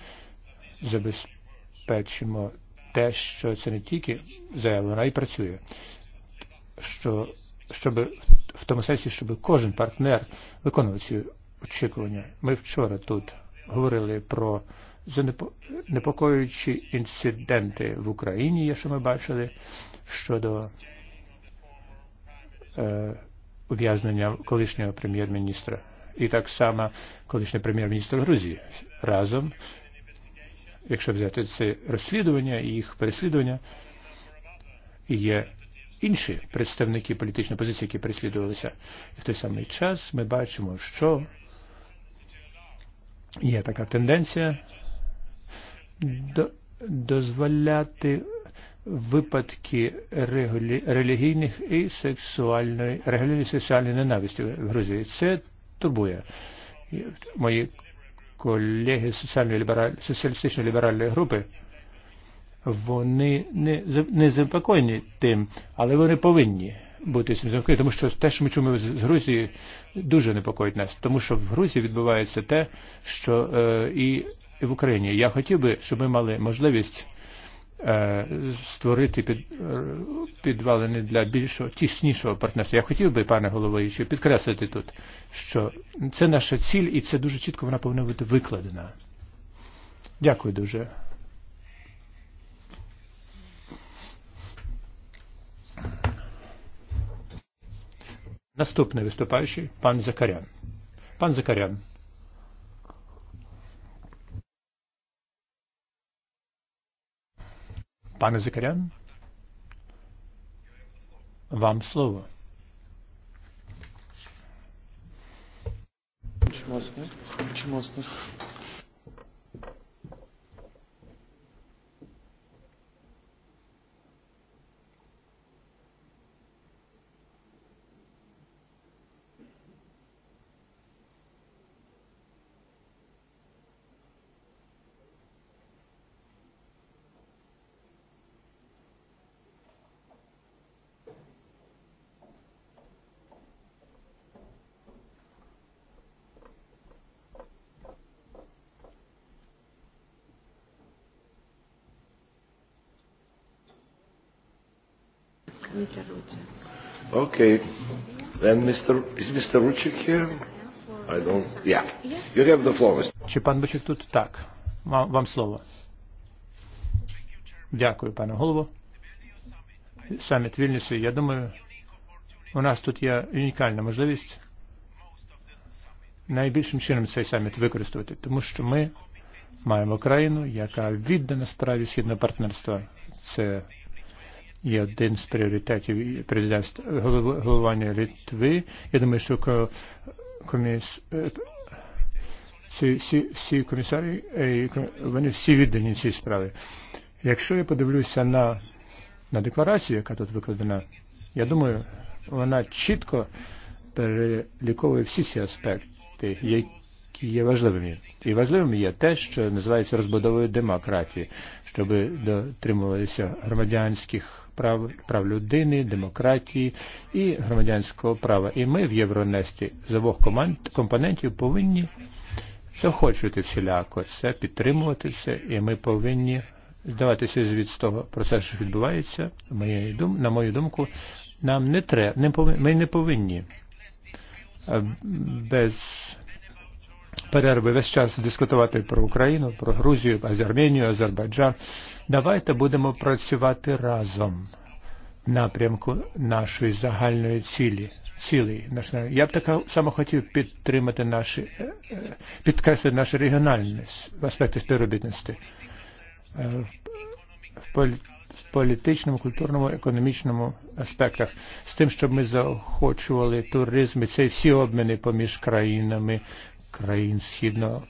S4: забезпечимо те, що це не тільки заява, вона і працює. Що, щоб, в тому сенсі, щоб кожен партнер виконував ці очікування. Ми вчора тут говорили про занепокоюючі інциденти в Україні, якщо ми бачили, щодо е, ув'язнення колишнього прем'єр-міністра. І так само колишній прем'єр-міністр Грузії разом якщо взяти це розслідування і їх переслідування, є інші представники політичної позиції, які переслідувалися. І в той самий час ми бачимо, що є така тенденція до, дозволяти випадки регулі, релігійних і сексуальної, регулі, сексуальної ненависті в Грузії. Це турбує. Мої колеги з соціалістичної ліберальної групи, вони не, не заспокоєні тим, але вони повинні бути цим замкнені, тому що те, що ми чуємо з Грузії, дуже непокоїть нас, тому що в Грузії відбувається те, що е, і в Україні. Я хотів би, щоб ми мали можливість створити під, підвалини для більшого, тіснішого партнерства. Я хотів би, пане головуючи, підкреслити тут, що це наша ціль і це дуже чітко вона повинна бути викладена. Дякую дуже. Наступний виступаючий пан Закарян. Пан Закарян. Pane Zekerian, vám slovo.
S6: Čím vlastně? Čím vlastně? Mr. Rucek.
S5: Okay. Then Mr. Is Mr. Rucek here? I don't. Yeah. You have the floor.
S4: Чи пан Бочик тут? Так. Вам слово. Дякую, пане голово. Саміт Вільнюсу, я думаю, у нас тут є унікальна можливість найбільшим чином цей саміт використовувати, тому що ми маємо країну, яка віддана справі східного партнерства. Це є один з пріоритетів президентства головування Литви. Я думаю, що коміс... Ці, всі, всі комісарі, вони всі віддані цій справі. Якщо я подивлюся на, на декларацію, яка тут викладена, я думаю, вона чітко переліковує всі ці аспекти, які є важливими. І важливим є те, що називається розбудовою демократії, щоб дотримувалися громадянських прав, прав людини, демократії і громадянського права. І ми в Євронесті з обох команд, компонентів повинні захочувати всіляко це, підтримувати це, і ми повинні здаватися звіт з того процесу, що відбувається. на мою думку, нам не треба, не повинні, ми не повинні без перерви весь час дискутувати про Україну, про Грузію, Арменію, Азербайджан. Давайте будемо працювати разом в напрямку нашої загальної цілі. Цілий я б так само хотів підтримати наші підкреслити наші регіональні аспекти співробітності в полі в політичному, культурному, економічному аспектах, з тим, щоб ми заохочували туризм і це всі обміни поміж країнами, країн східного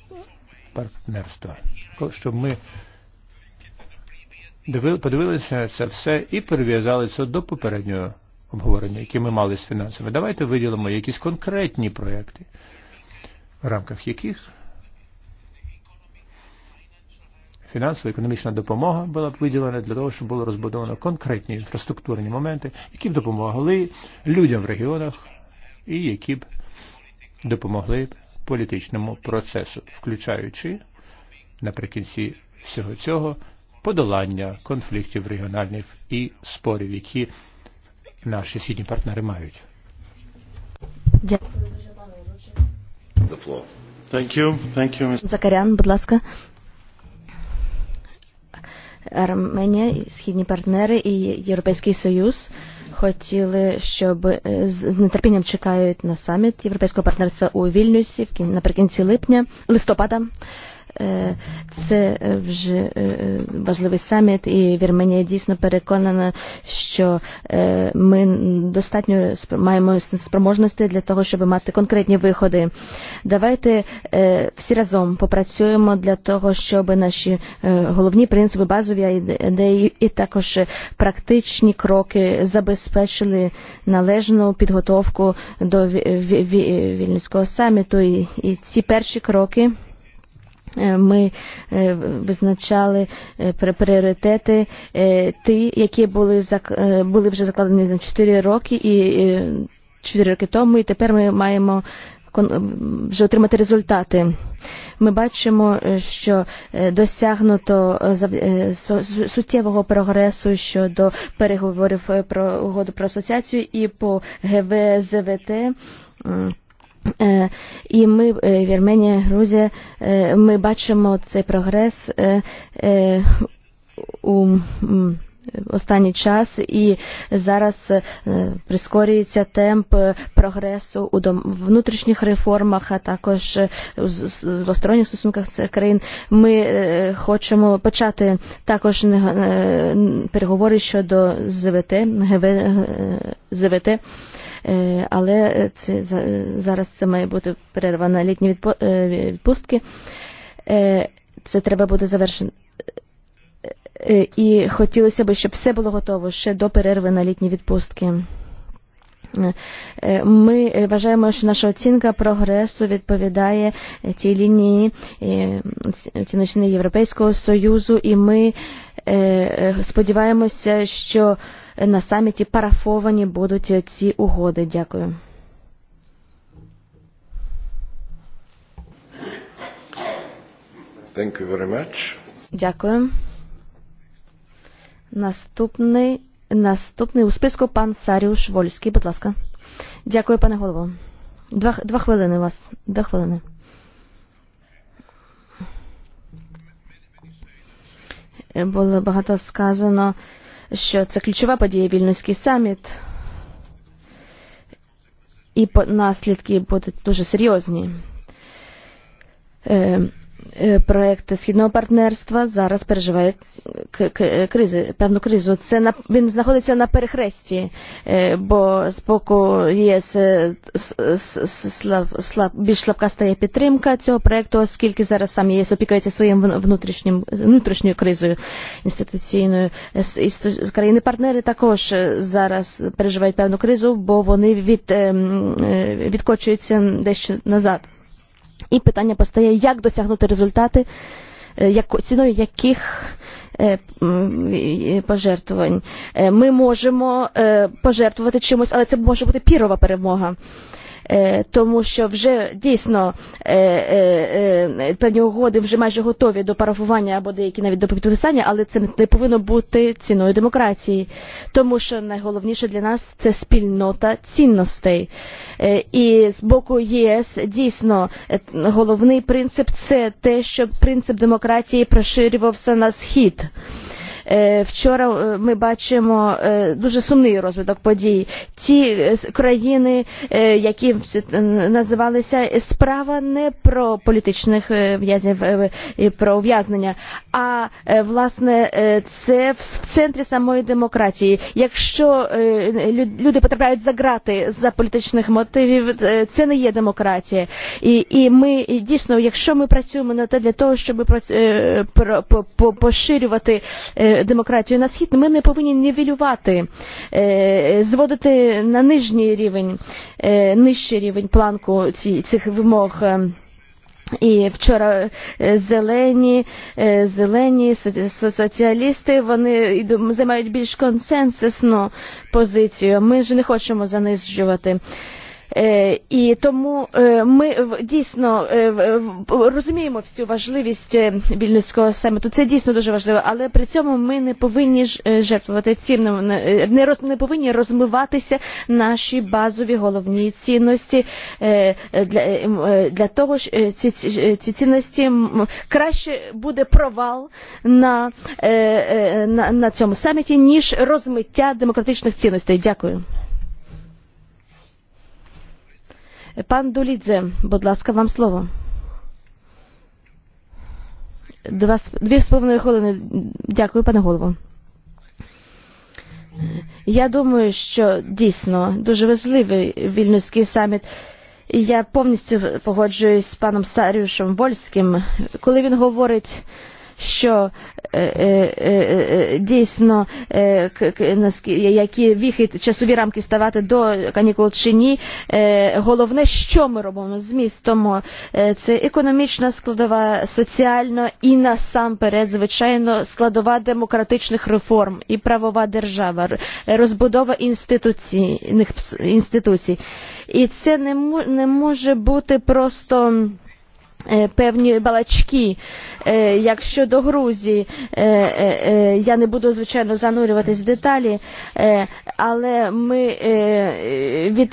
S4: партнерства. Щоб ми подивилися на це все і перев'язали це до попереднього обговорення, яке ми мали з фінансами. Давайте виділимо якісь конкретні проекти, в рамках яких фінансова економічна допомога була б виділена для того, щоб було розбудовано конкретні інфраструктурні моменти, які б допомогли людям в регіонах і які б допомогли б політичному процесу, включаючи наприкінці всього цього подолання конфліктів регіональних і спорів, які наші східні партнери мають. Дякую. Thank you. Thank you, Mr.
S6: Закарян, будь ласка. Арменія, східні партнери і Європейський Союз – хотіли, щоб з нетерпінням чекають на саміт Європейського партнерства у Вільнюсі наприкінці липня, листопада. Це вже важливий саміт, і Вірменія дійсно переконана, що ми достатньо маємо спроможності для того, щоб мати конкретні виходи. Давайте всі разом попрацюємо для того, щоб наші головні принципи, базові ідеї і також практичні кроки забезпечили належну підготовку до вільницького саміту. І ці перші кроки Ми визначали пріоритети, ті, які були були вже закладені за 4 роки і 4 роки тому, і тепер ми маємо вже отримати результати. Ми бачимо, що досягнуто суттєвого прогресу щодо переговорів про угоду про асоціацію і по ГВЗВТ. І ми, Вірменія, Грузія, ми бачимо цей прогрес у останній час і зараз прискорюється темп прогресу у внутрішніх реформах, а також у двосторонніх стосунках цих країн. Ми хочемо почати також переговори щодо ЗВТ, ГВ, ЗВТ але це зараз це має бути перерва на літні відпустки. Це треба буде завершено. І хотілося б, щоб все було готово ще до перерви на літні відпустки. Ми вважаємо, що наша оцінка прогресу відповідає цій лінії оціночної Європейського Союзу, і ми сподіваємося, що на саміті парафовані будуть ці угоди. Дякую.
S5: Thank you very much.
S6: Дякую. Наступний Наступний у списку пан Саріуш Вольський, будь ласка. Дякую, пане голово. Два, два хвилини у вас. Два хвилини. Було багато сказано, що це ключова подія Вільнюський саміт. І наслідки будуть дуже серйозні. E, projekt z jednego partnerstwa zaraz przeżywają kryzys, pewną kryzys, więc znajduje się na perchreście, bo z boku jest bardziej słabka staje podtrzymka tego projektu, skilki zaraz sami jest opiekujący swoim wnętrznym, wnętrznym kryzysem instytucyjnym. Krajiny partnery także zaraz przeżywają pewną kryzys, bo one odkoczują się gdzieś nazad. І питання постає, як досягнути результати, як, ціною яких пожертвувань. Ми можемо пожертвувати чимось, але це може бути пірова перемога тому що вже дійсно певні угоди вже майже готові до парафування або деякі навіть до підписання, але це не повинно бути ціною демократії, тому що найголовніше для нас це спільнота цінностей. І з боку ЄС дійсно головний принцип це те, щоб принцип демократії поширювався на схід. Вчора ми бачимо дуже сумний розвиток подій. Ті країни, які називалися справа не про політичних в'язнів і про ув'язнення, а власне це в центрі самої демократії. Якщо люди потрапляють за грати за політичних мотивів, це не є демократія. І, і ми і дійсно, якщо ми працюємо на те для того, щоб поширювати демократію на схід, ми не повинні нівелювати, зводити на нижній рівень, нижчий рівень планку цих вимог. І вчора зелені, зелені соціалісти, вони займають більш консенсусну позицію. Ми ж не хочемо занижувати І тому ми дійсно розуміємо всю важливість вільнюського саміту. Це дійсно дуже важливо, але при цьому ми не повинні жертвувати цим, не, роз, не повинні розмиватися наші базові головні цінності для, для того, що ці, ці цінності краще буде провал на, на, на цьому саміті, ніж розмиття демократичних цінностей. Дякую. Пан Долідзе, будь ласка, вам слово. Два, дві з половиною хвилини. Дякую, пане голово. Я думаю, що дійсно дуже важливий вільнюський саміт. Я повністю погоджуюсь з паном Сарюшем Вольським, коли він говорить що дійсно які віхід часові рамки ставати до канікул чи ні. Головне, що ми робимо з містом, це економічна складова, соціальна і насамперед, звичайно, складова демократичних реформ і правова держава, розбудова інституцій. І це не може бути просто певні балачки. якщо до Грузії, я не буду, звичайно, занурюватись в деталі, але ми від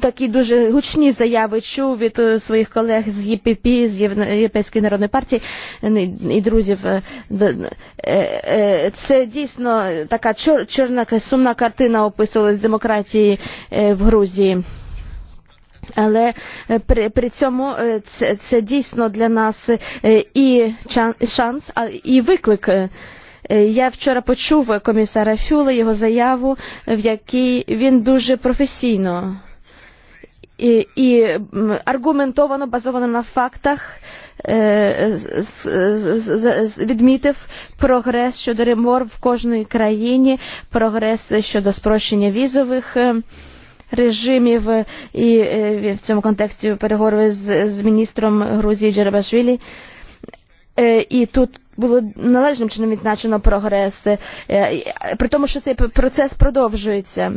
S6: такі дуже гучні заяви чув від своїх колег з ЄПП, з Європейської народної партії і друзів. Це дійсно така чорна, сумна картина описувалась демократії в Грузії. Але при при цьому це, це дійсно для нас і шанс, а і виклик. Я вчора почув комісара Фюла його заяву, в якій він дуже професійно і, і аргументовано базовано на фактах відмітив прогрес щодо ремор в кожній країні, прогрес щодо спрощення візових режимів і в цьому контексті переговори з, з міністром Грузії Джерабашвілі. І тут було належним чином відзначено прогрес, при тому, що цей процес продовжується.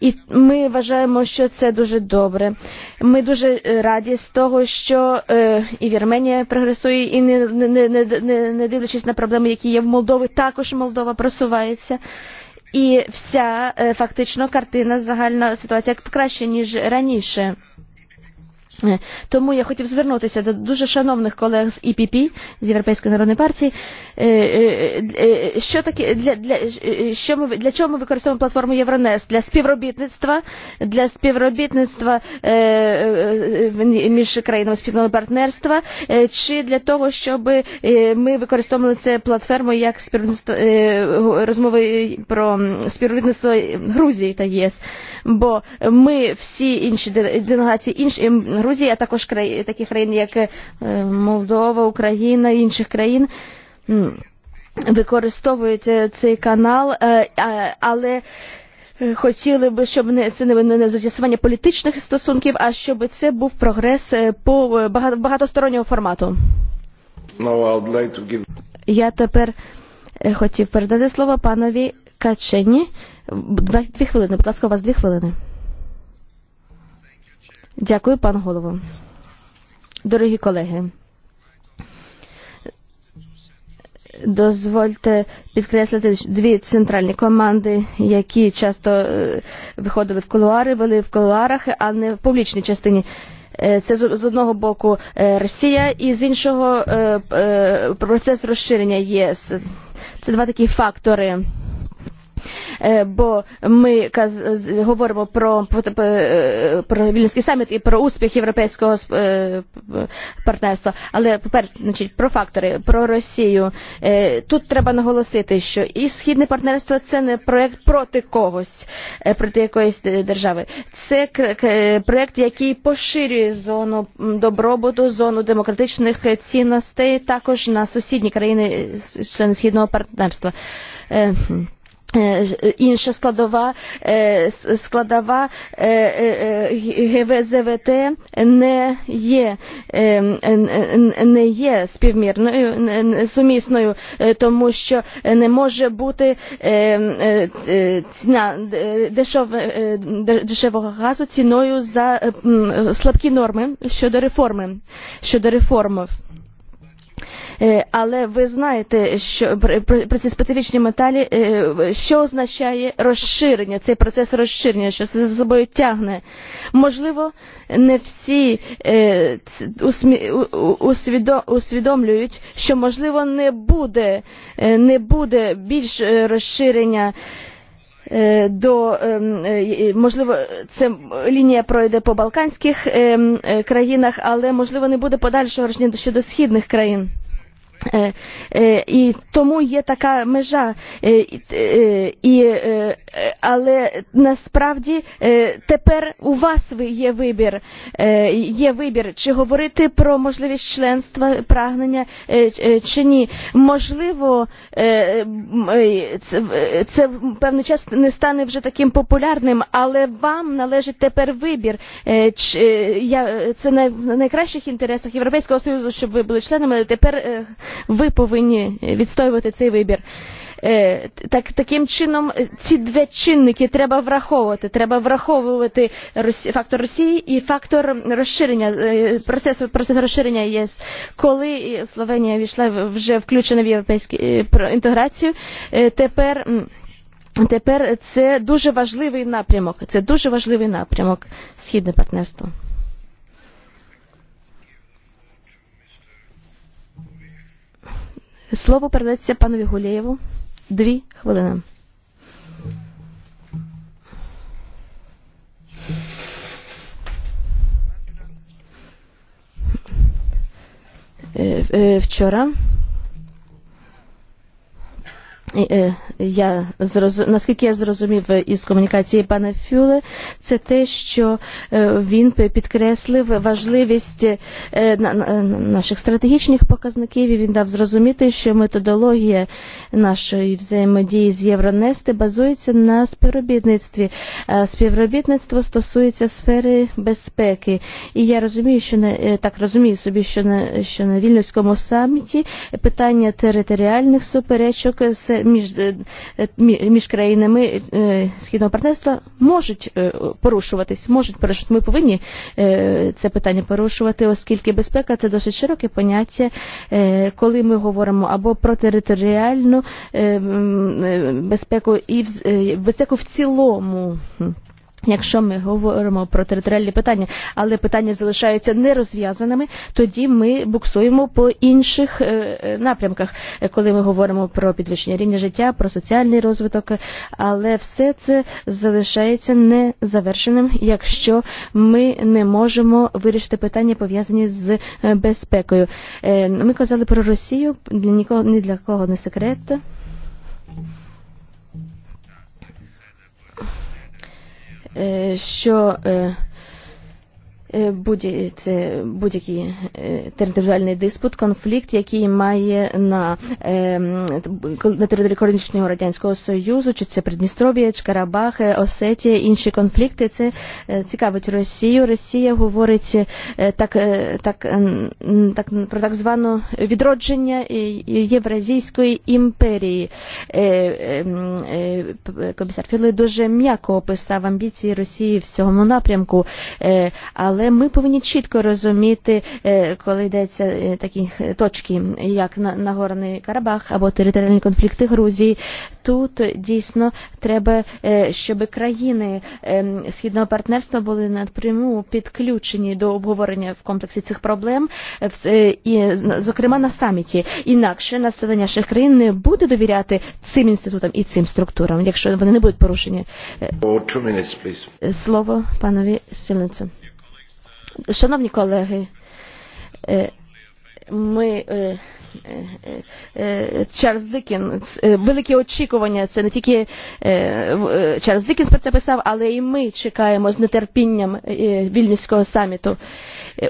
S6: І ми вважаємо, що це дуже добре. Ми дуже раді з того, що і Вірменія прогресує, і не, не, не, не дивлячись на проблеми, які є в Молдові, також Молдова просувається. І вся фактично картина загальна ситуація краще ніж раніше. Тому я хотів звернутися до дуже шановних колег з ІПП, з Європейської народної партії. Що таке для, для, що ми, для чого ми використовуємо платформу Євронес? Для співробітництва, для співробітництва між країнами спільного партнерства, чи для того, щоб ми використовували цю платформу як співробітництво розмови про співробітництво Грузії та ЄС? Бо ми всі інші делегації інші Грузії, а також краї, такі країн, як Молдова, Україна і інших країн використовують цей канал, але хотіли би, щоб не це не, не застосування політичних стосунків, а щоб це був прогрес по багато, багатостороннього формату.
S5: No, like give...
S6: Я тепер хотів передати слово панові Качені. Дві хвилини, будь ласка, у вас дві хвилини. Дякую, пан голово. Дорогі колеги, дозвольте підкреслити дві центральні команди, які часто виходили в кулуари, вели в кулуарах, а не в публічній частині. Це з одного боку Росія і з іншого процес розширення ЄС. Це два такі фактори бо ми говоримо про, про Вільнюський саміт і про успіх європейського партнерства. Але поперед, значить, про фактори, про Росію. Тут треба наголосити, що і східне партнерство це не проект проти когось, проти якоїсь держави. Це проект, який поширює зону добробуту, зону демократичних цінностей також на сусідні країни члени східного партнерства інша складова складова ГВЗВТ не є не є співмірною сумісною тому що не може бути ціна дешевого газу ціною за слабкі норми щодо реформи щодо реформи але ви знаєте що про ці специфічні металі що означає розширення цей процес розширення що це за собою тягне можливо не всі усвідомлюють що можливо не буде не буде більш розширення до можливо це лінія пройде по балканських країнах але можливо не буде подальшого рішення щодо східних країн І тому є така межа, і, але насправді тепер у вас є вибір, є вибір, чи говорити про можливість членства, прагнення чи ні. Можливо, це певний час не стане вже таким популярним, але вам належить тепер вибір. Це в найкращих інтересах Європейського Союзу, щоб ви були членами, але тепер ви повинні відстоювати цей вибір. Так, таким чином ці два чинники треба враховувати. Треба враховувати Росі, фактор Росії і фактор розширення, процес, процес розширення ЄС. Коли Словенія війшла вже включена в європейську інтеграцію, тепер Тепер це дуже важливий напрямок. Це дуже важливий напрямок східне партнерство. Слово передається панові Гулєєву. Дві хвилини. Вчора я наскільки я зрозумів із комунікації пана Фюле, це те, що він підкреслив важливість наших стратегічних показників і він дав зрозуміти, що методологія нашої взаємодії з Євронести базується на співробітництві. Співробітництво стосується сфери безпеки. І я розумію, що на, так розумію собі, що на, що на Вільнюському саміті питання територіальних суперечок між між країнами східного партнерства можуть порушуватись, можуть порушувати. Ми повинні це питання порушувати, оскільки безпека це досить широке поняття, коли ми говоримо або про територіальну безпеку і безпеку в цілому. Якщо ми говоримо про територіальні питання, але питання залишаються нерозв'язаними, тоді ми буксуємо по інших напрямках, коли ми говоримо про підвищення рівня життя, про соціальний розвиток, але все це залишається незавершеним, якщо ми не можемо вирішити питання пов'язані з безпекою. Ми казали про Росію, для нікого ні для кого не секрет. що будь-який територіальний диспут, конфлікт, який має на, на території колишнього Радянського Союзу, чи це Придністров'я, чи Карабах, Осетія, інші конфлікти. Це цікавить Росію. Росія говорить так, так, так, про так зване відродження Євразійської імперії. Комісар Філи дуже м'яко описав амбіції Росії в цьому напрямку, але Але ми повинні чітко розуміти, коли йдеться такі точки, як Нагорний Карабах або територіальні конфлікти Грузії. Тут дійсно треба, щоб країни східного партнерства були напряму підключені до обговорення в комплексі цих проблем, і, зокрема на саміті. Інакше населення наших країн не буде довіряти цим інститутам і цим структурам, якщо вони не будуть порушені.
S3: Minutes,
S6: Слово панові Сілинцю. Шановні колеги, ми Чарльз Дикінс, великі очікування, це не тільки Чарльз Дикінс про це писав, але і ми чекаємо з нетерпінням Вільнюського саміту.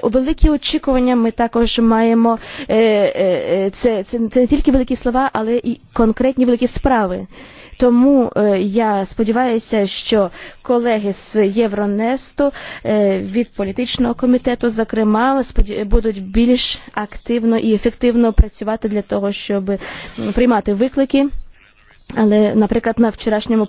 S6: Великі очікування ми також маємо, це, це, це не тільки великі слова, але і конкретні великі справи. Тому я сподіваюся, що колеги з Євронесту від політичного комітету, зокрема, будуть більш активно і ефективно працювати для того, щоб приймати виклики Але, наприклад, на вчорашньому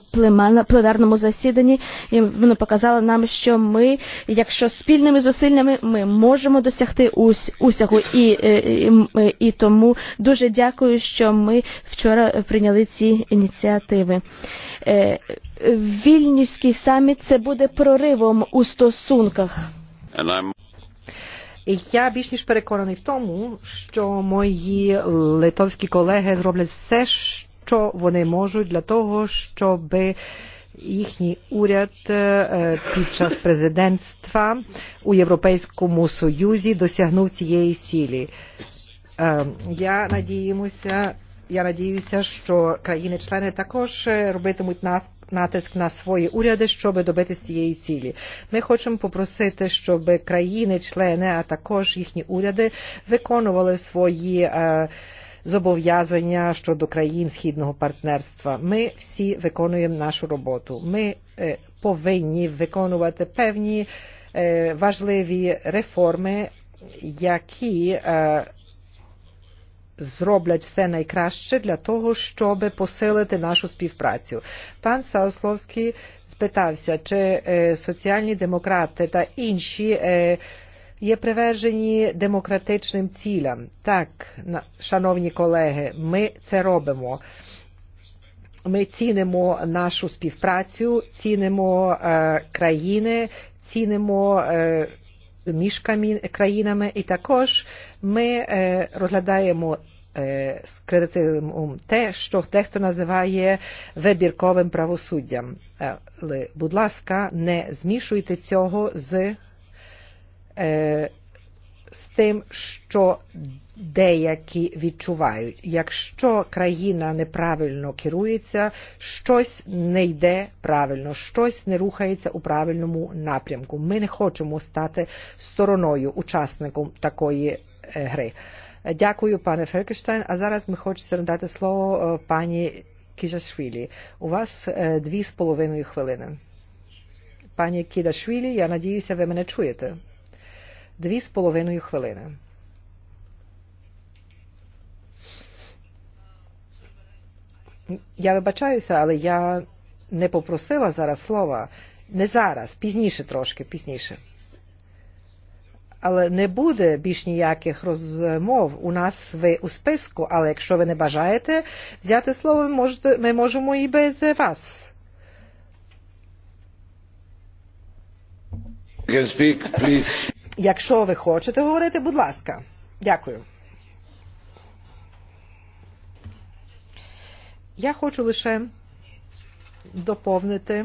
S6: пленарному засіданні воно показало нам, що ми, якщо спільними зусиллями, ми можемо досягти ус, усягу. І, і, і тому дуже дякую, що ми вчора прийняли ці ініціативи. Вільнюський саміт це буде проривом у стосунках.
S1: Я більш ніж переконаний в тому, що мої литовські колеги зроблять все, що вони можуть для того, щоб їхній уряд під час президентства у Європейському Союзі досягнув цієї цілі. Я надіємося, я надіюся, що країни-члени також робитимуть нас натиск на свої уряди, щоб добитися цієї цілі. Ми хочемо попросити, щоб країни-члени, а також їхні уряди виконували свої е, зобов'язання щодо країн східного партнерства. Ми всі виконуємо нашу роботу. Ми повинні виконувати певні важливі реформи, які зроблять все найкраще для того, щоб посилити нашу співпрацю. Пан Саусловський спитався, чи соціальні демократи та інші є привержені демократичним цілям. Так, шановні колеги, ми це робимо. Ми цінимо нашу співпрацю, цінимо е, країни, цінимо е, між країнами і також ми е, розглядаємо з критицизмом те, що дехто називає вибірковим правосуддям. Але, будь ласка, не змішуйте цього з з тим, що деякі відчувають, якщо країна неправильно керується, щось не йде правильно, щось не рухається у правильному напрямку. Ми не хочемо стати стороною, учасником такої гри. Дякую, пане Феркештайн. А зараз ми хочемо надати слово пані Кіжашвілі. У вас дві з половиною хвилини. Пані Кідашвілі, я надіюся, ви мене чуєте дві з половиною хвилини. Я вибачаюся, але я не попросила зараз слова. Не зараз, пізніше трошки, пізніше. Але не буде більш ніяких розмов. У нас ви у списку, але якщо ви не бажаєте взяти слово, ми можемо і без вас.
S5: You can speak, please.
S1: Якщо ви хочете говорити, будь ласка. Дякую. Я хочу лише доповнити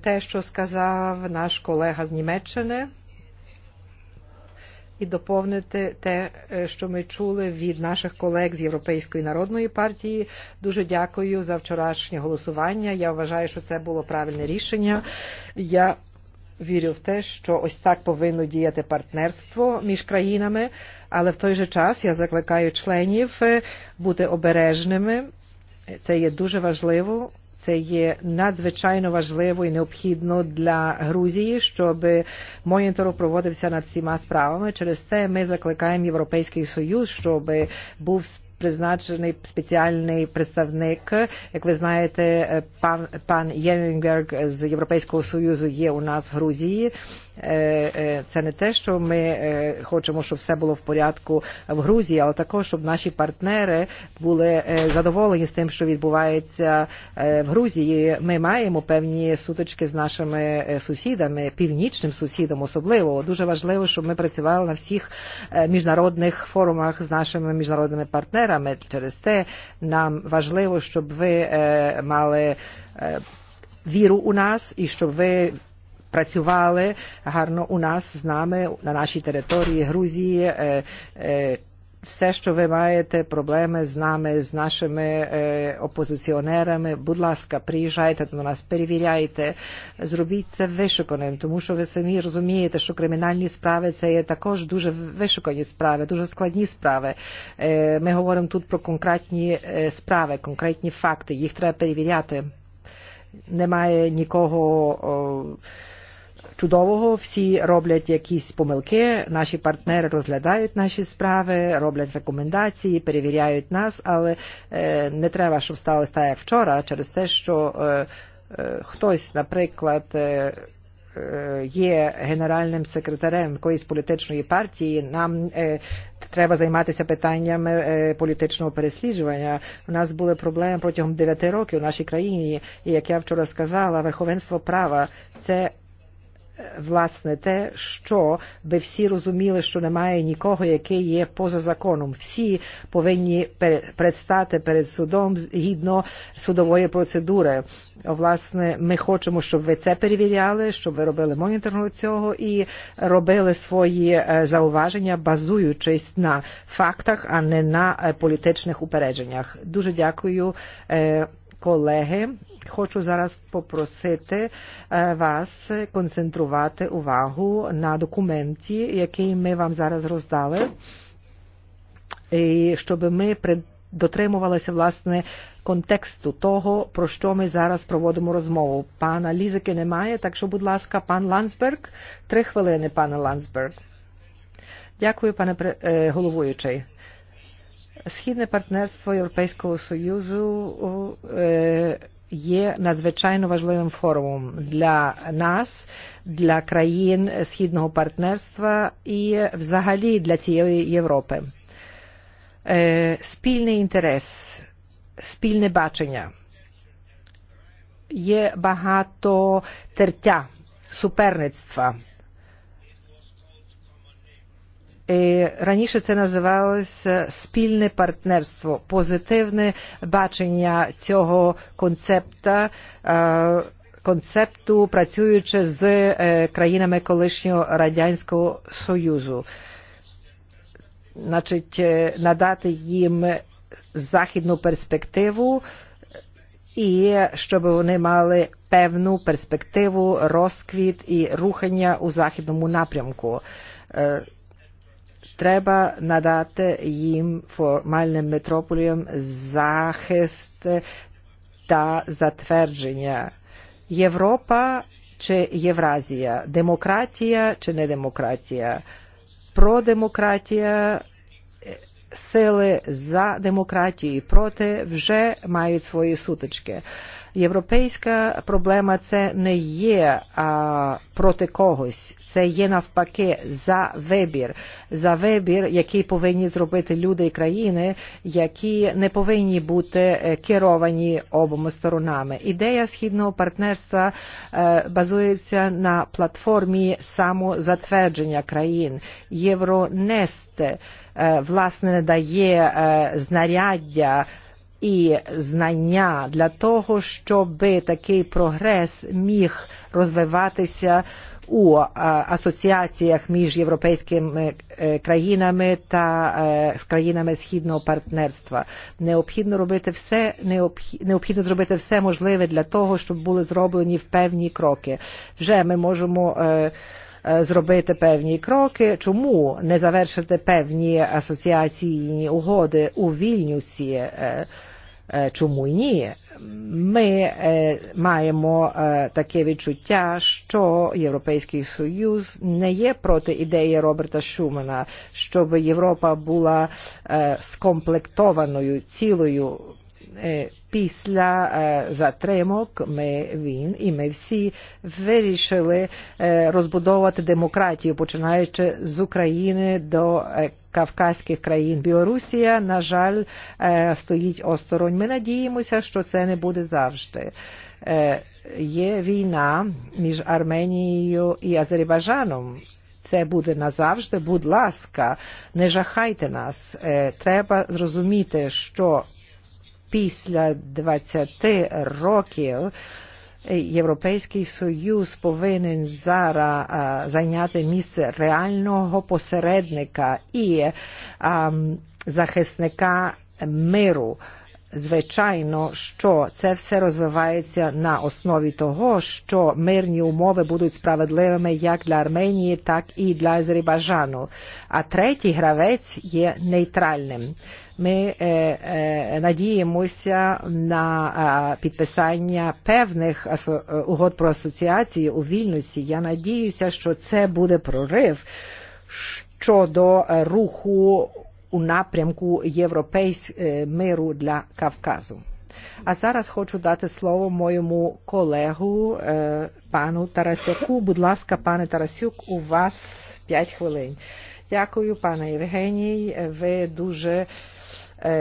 S1: те, що сказав наш колега з Німеччини, і доповнити те, що ми чули від наших колег з Європейської народної партії. Дуже дякую за вчорашнє голосування. Я вважаю, що це було правильне рішення. Я вірю в те, що ось так повинно діяти партнерство між країнами, але в той же час я закликаю членів бути обережними. Це є дуже важливо. Це є надзвичайно важливо і необхідно для Грузії, щоб моніторинг проводився над всіма справами. Через це ми закликаємо Європейський Союз, щоб був призначений спеціальний представник. Як ви знаєте, пан, пан Єрінгберг з Європейського Союзу є у нас в Грузії це не те, що ми хочемо, щоб все було в порядку в Грузії, але також, щоб наші партнери були задоволені з тим, що відбувається в Грузії. Ми маємо певні сутички з нашими сусідами, північним сусідом особливо. Дуже важливо, щоб ми працювали на всіх міжнародних форумах з нашими міжнародними партнерами. Через те нам важливо, щоб ви мали віру у нас і щоб ви працювали гарно у нас з нами на нашій території Грузії. Все, що ви маєте, проблеми з нами, з нашими е, опозиціонерами, будь ласка, приїжджайте до нас, перевіряйте, зробіть це вишуканим, тому що ви самі розумієте, що кримінальні справи це є також дуже вишукані справи, дуже складні справи. Е, ми говоримо тут про конкретні справи, конкретні факти, їх треба перевіряти. Немає нікого. О, чудового, всі роблять якісь помилки, наші партнери розглядають наші справи, роблять рекомендації, перевіряють нас, але не треба, щоб сталося так, як вчора, через те, що хтось, наприклад, є генеральним секретарем якоїсь політичної партії, нам треба займатися питаннями політичного пересліджування. У нас були проблеми протягом 9 років у нашій країні, і як я вчора сказала, верховенство права це власне те, що би всі розуміли, що немає нікого, який є поза законом. Всі повинні предстати перед судом згідно судової процедури. Власне, ми хочемо, щоб ви це перевіряли, щоб ви робили моніторинг цього і робили свої зауваження, базуючись на фактах, а не на політичних упередженнях. Дуже дякую колеги, хочу зараз попросити вас концентрувати увагу на документі, який ми вам зараз роздали, і щоб ми дотримувалися власне контексту того, про що ми зараз проводимо розмову. Пана Лізики немає, так що, будь ласка, пан Ландсберг, три хвилини, пане Ландсберг. Дякую, пане головуючий. Східне партнерство Європейського Союзу є надзвичайно важливим форумом для нас, для країн Східного партнерства і взагалі для цієї Європи. Спільний інтерес, спільне бачення. Є багато тертя, суперництва – раніше це називалося спільне партнерство, позитивне бачення цього концепта. Концепту працюючи з країнами колишнього радянського союзу, значить, надати їм західну перспективу і щоб вони мали певну перспективу, розквіт і рухання у західному напрямку. Třeba nadate jim formalnem metropolijom zahest ta zatvrđenja. Evropa če Evrazija, demokratija če nedemokratija, продемократія, сили за демократію і proti, вже mají свої sutečky. Європейська проблема це не є а, проти когось, це є навпаки за вибір, за вибір, який повинні зробити люди і країни, які не повинні бути керовані обома сторонами. Ідея східного партнерства е, базується на платформі самозатвердження країн. Євронест власне дає е, знаряддя і знання для того, щоб такий прогрес міг розвиватися у асоціаціях між європейськими країнами та з країнами східного партнерства. Необхідно робити все, необхідно зробити все можливе для того, щоб були зроблені певні кроки. Вже ми можемо зробити певні кроки. Чому не завершити певні асоціаційні угоди у Вільнюсі? Чому ні? Ми маємо таке відчуття, що Європейський Союз не є проти ідеї Роберта Шумана, щоб Європа була скомплектованою цілою після затримок ми, він і ми всі вирішили розбудовувати демократію, починаючи з України до кавказьких країн. Білорусія, на жаль, стоїть осторонь. Ми надіємося, що це не буде завжди. Є війна між Арменією і Азербайджаном це буде назавжди, будь ласка, не жахайте нас. Треба зрозуміти, що після 20 років Європейський Союз повинен зараз а, зайняти місце реального посередника і а, захисника миру. Звичайно, що це все розвивається на основі того, що мирні умови будуть справедливими як для Арменії, так і для Азербайджану. А третій гравець є нейтральним my надіємося на підписання певних угод про асоціації у Вільнюсі. Я надіюся, що це буде прорив щодо руху у напрямку європейського миру для Кавказу. А зараз хочу дати слово моєму колегу пану Тарасяку. Будь ласка, пане Тарасюк, у вас 5 хвилин. Дякую, пане Євгеній. Ви дуже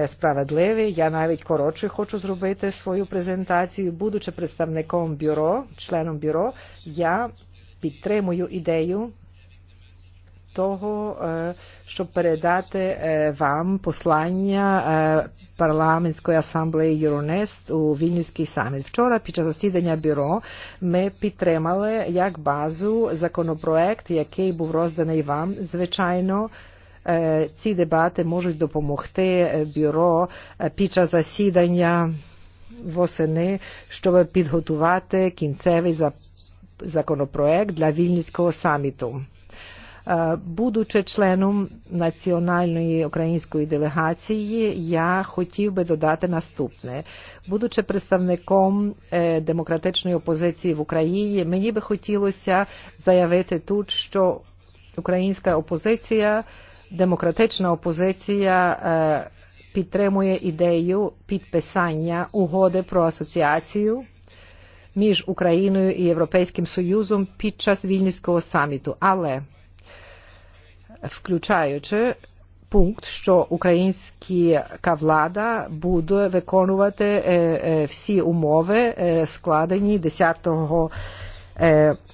S1: справедливі. Я навіть коротше хочу зробити свою презентацію. Будучи представником бюро, членом бюро, я підтримую ідею того, щоб передати вам послання парламентської асамблеї Юронест у Вільнюський саміт. Вчора під час засідання бюро ми підтримали як базу законопроект, який був розданий вам, звичайно, Ці дебати можуть допомогти бюро під час засідання восени, щоб підготувати кінцевий законопроект для Вільнівського саміту. Будучи членом національної української делегації, я хотів би додати наступне. Будучи представником демократичної опозиції в Україні, мені би хотілося заявити тут, що українська опозиція – Демократична опозиція підтримує ідею підписання угоди про асоціацію між Україною і Європейським Союзом під час Вільнюського саміту, але включаючи пункт, що українська влада буде виконувати всі умови, складені 10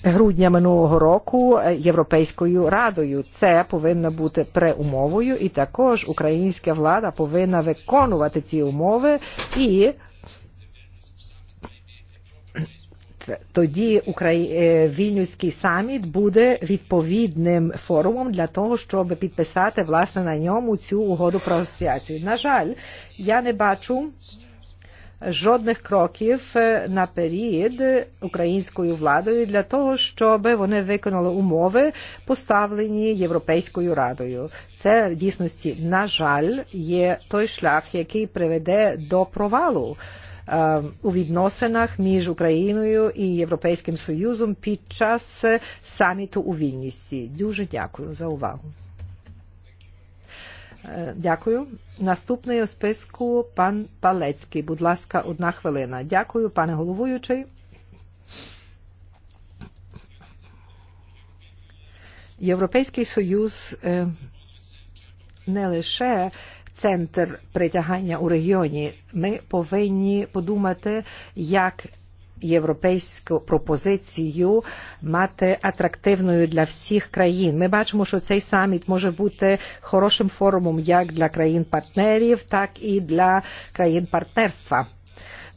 S1: грудня минулого року Європейською радою. Це повинно бути преумовою, і також українська влада повинна виконувати ці умови і тоді Украї... Вільнюський саміт буде відповідним форумом для того, щоб підписати власне на ньому цю угоду про асоціацію. На жаль, я не бачу жодних кроків на період українською владою для того, щоб вони виконали умови, поставлені Європейською радою. Це в дійсності, на жаль, є той шлях, який приведе до провалу у відносинах між Україною і Європейським Союзом під час саміту у Вільнісі. Дуже дякую за увагу. Дякую. Наступний у списку пан Палецький. Будь ласка, одна хвилина. Дякую, пане головуючий. Європейський Союз не лише центр притягання у регіоні. Ми повинні подумати, як європейську пропозицію мати атрактивною для всіх країн. Ми бачимо, що цей саміт може бути хорошим форумом як для країн-партнерів, так і для країн партнерства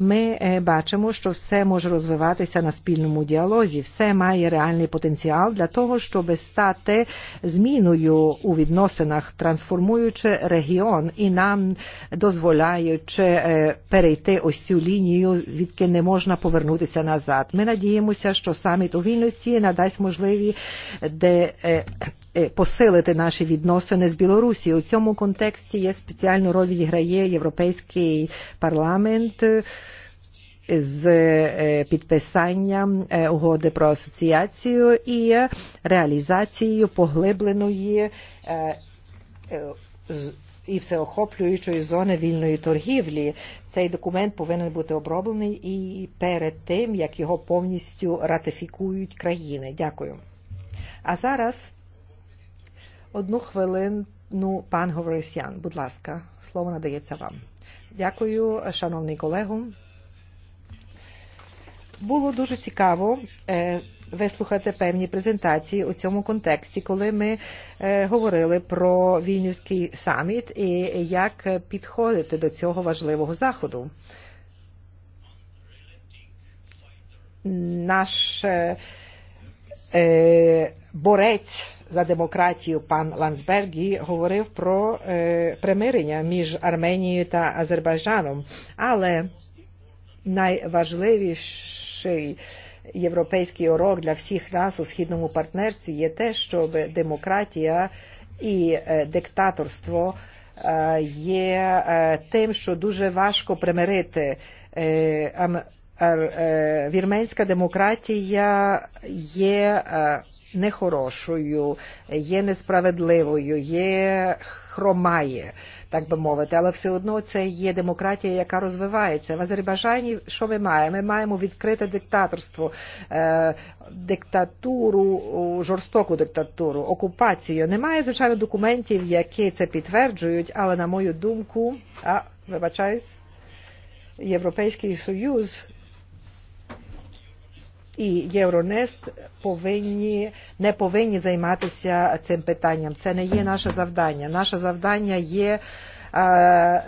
S1: ми бачимо, що все може розвиватися на спільному діалозі, все має реальний потенціал для того, щоб стати зміною у відносинах, трансформуючи регіон і нам дозволяючи перейти ось цю лінію, звідки не можна повернутися назад. Ми надіємося, що саміт у Вільності надасть можливість де посилити наші відносини з Білорусією. У цьому контексті є спеціальну роль відіграє Європейський парламент з підписанням угоди про асоціацію і реалізацією поглибленої і всеохоплюючої зони вільної торгівлі. Цей документ повинен бути оброблений і перед тим, як його повністю ратифікують країни. Дякую. А зараз Одну хвилину пан Говорисян. Будь ласка, слово надається вам. Дякую, шановний колего. Було дуже цікаво вислухати певні презентації у цьому контексті, коли ми е, говорили про Вільнюський саміт і як підходити до цього важливого заходу. Наш е, борець за демократію пан Лансбергі говорив про примирення між Арменією та Азербайджаном. Але найважливіший європейський урок для всіх нас у східному партнерстві є те, що демократія і диктаторство є тим, що дуже важко примирити вірменська демократія є нехорошою, є несправедливою, є хромає, так би мовити, але все одно це є демократія, яка розвивається. В Азербайджані що ми маємо? Ми маємо відкрите диктаторство, диктатуру, жорстоку диктатуру, окупацію. Немає, звичайно, документів, які це підтверджують, але на мою думку, а, вибачаюсь, Європейський Союз і Євронест повинні не повинні займатися цим питанням. Це не є наше завдання. Наше завдання є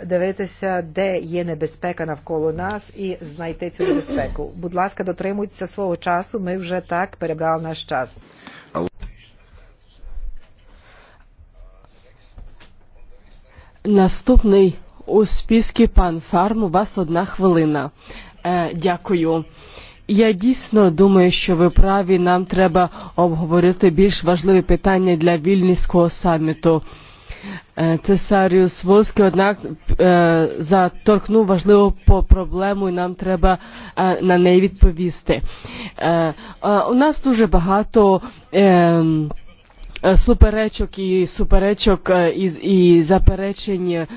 S1: дивитися, де є небезпека навколо нас, і знайти цю небезпеку. Будь ласка, дотримуйтеся свого часу. Ми вже так перебрали наш час.
S2: Наступний у списку пан Фарм. У вас одна хвилина. Е, Дякую. Я дійсно думаю, що ви праві, нам треба обговорити більш важливі питання для вільнівського саміту. Цесаріус Волський, однак, заторкнув важливу проблему, і нам треба на неї відповісти. У нас дуже багато суперечок і суперечок і, заперечень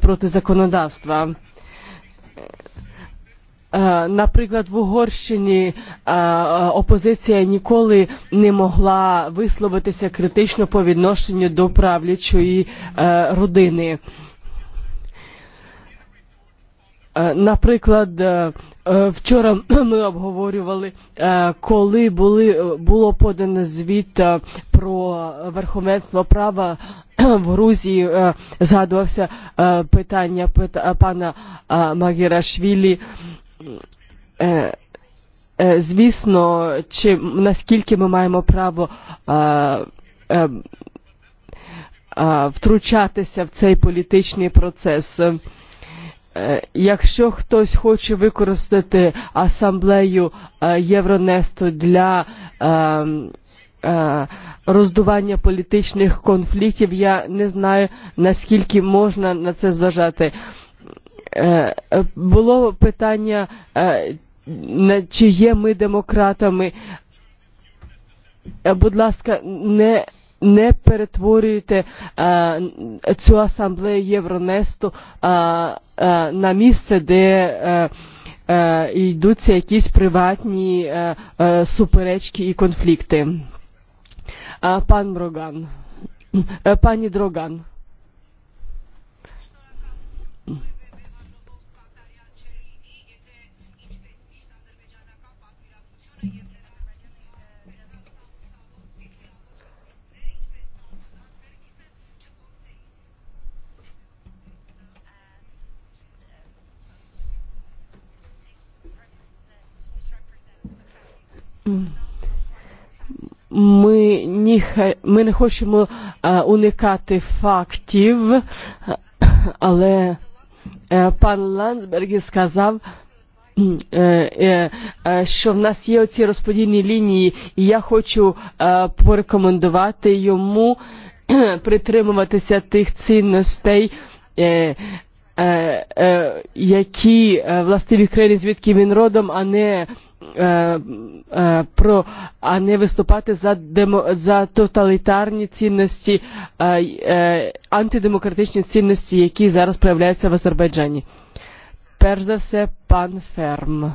S2: проти законодавства. Наприклад, в Угорщині опозиція ніколи не могла висловитися критично по відношенню до правлячої родини. Наприклад, вчора ми обговорювали, коли були, було подано звіт про верховенство права в Грузії, згадувався питання пана Магірашвілі. Швілі звісно, чи наскільки ми маємо право втручатися в цей політичний процес. Якщо хтось хоче використати асамблею Євронесту для роздування політичних конфліктів, я не знаю, наскільки можна на це зважати було питання, чи є ми демократами. Будь ласка, не не перетворюйте а, цю асамблею Євронесту а, а, на місце, де а, а, йдуться якісь приватні а, а, суперечки і конфлікти. А, пан Броган. А, пані Дроган. Thank you. Ми не хочемо уникати фактів, але пан Ландберг сказав, що в нас є оці розподільні лінії, і я хочу порекомендувати йому притримуватися тих цінностей, які властиві країни, звідки він родом, а не про, а не виступати за, демо, за тоталітарні цінності, антидемократичні цінності, які зараз проявляються в Азербайджані. Перш за все, пан Ферм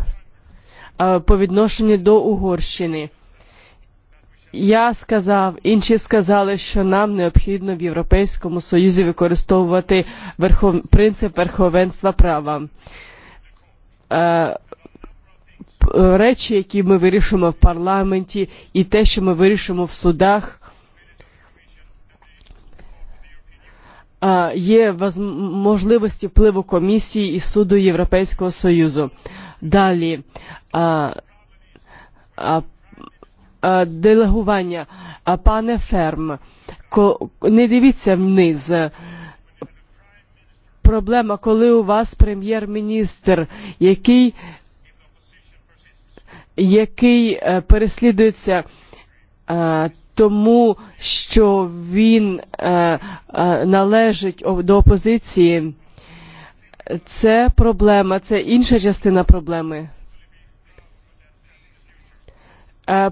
S2: по відношенню до Угорщини. Я сказав, інші сказали, що нам необхідно в Європейському Союзі використовувати верхов... принцип верховенства права. Е, речі, які ми вирішуємо в парламенті, і те, що ми вирішуємо в судах, є можливості впливу комісії і суду Європейського Союзу. Далі а, а, а, делегування. А, Пане Ферм, ко, не дивіться вниз. Проблема, коли у вас прем'єр-міністр, який який переслідується тому, що він належить до опозиції, це проблема, це інша частина проблеми.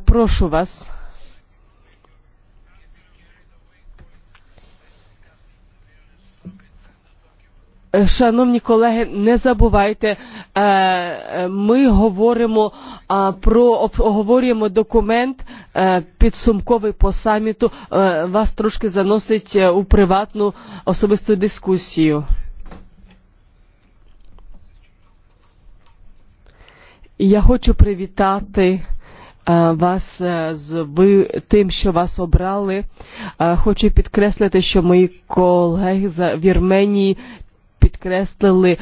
S2: Прошу вас. Шановні колеги, не забувайте, ми говоримо про обговорюємо документ підсумковий по саміту. Вас трошки заносить у приватну особисту дискусію. Я хочу привітати вас з ви тим, що вас обрали. Хочу підкреслити, що мої колеги з Вірменії підкреслили,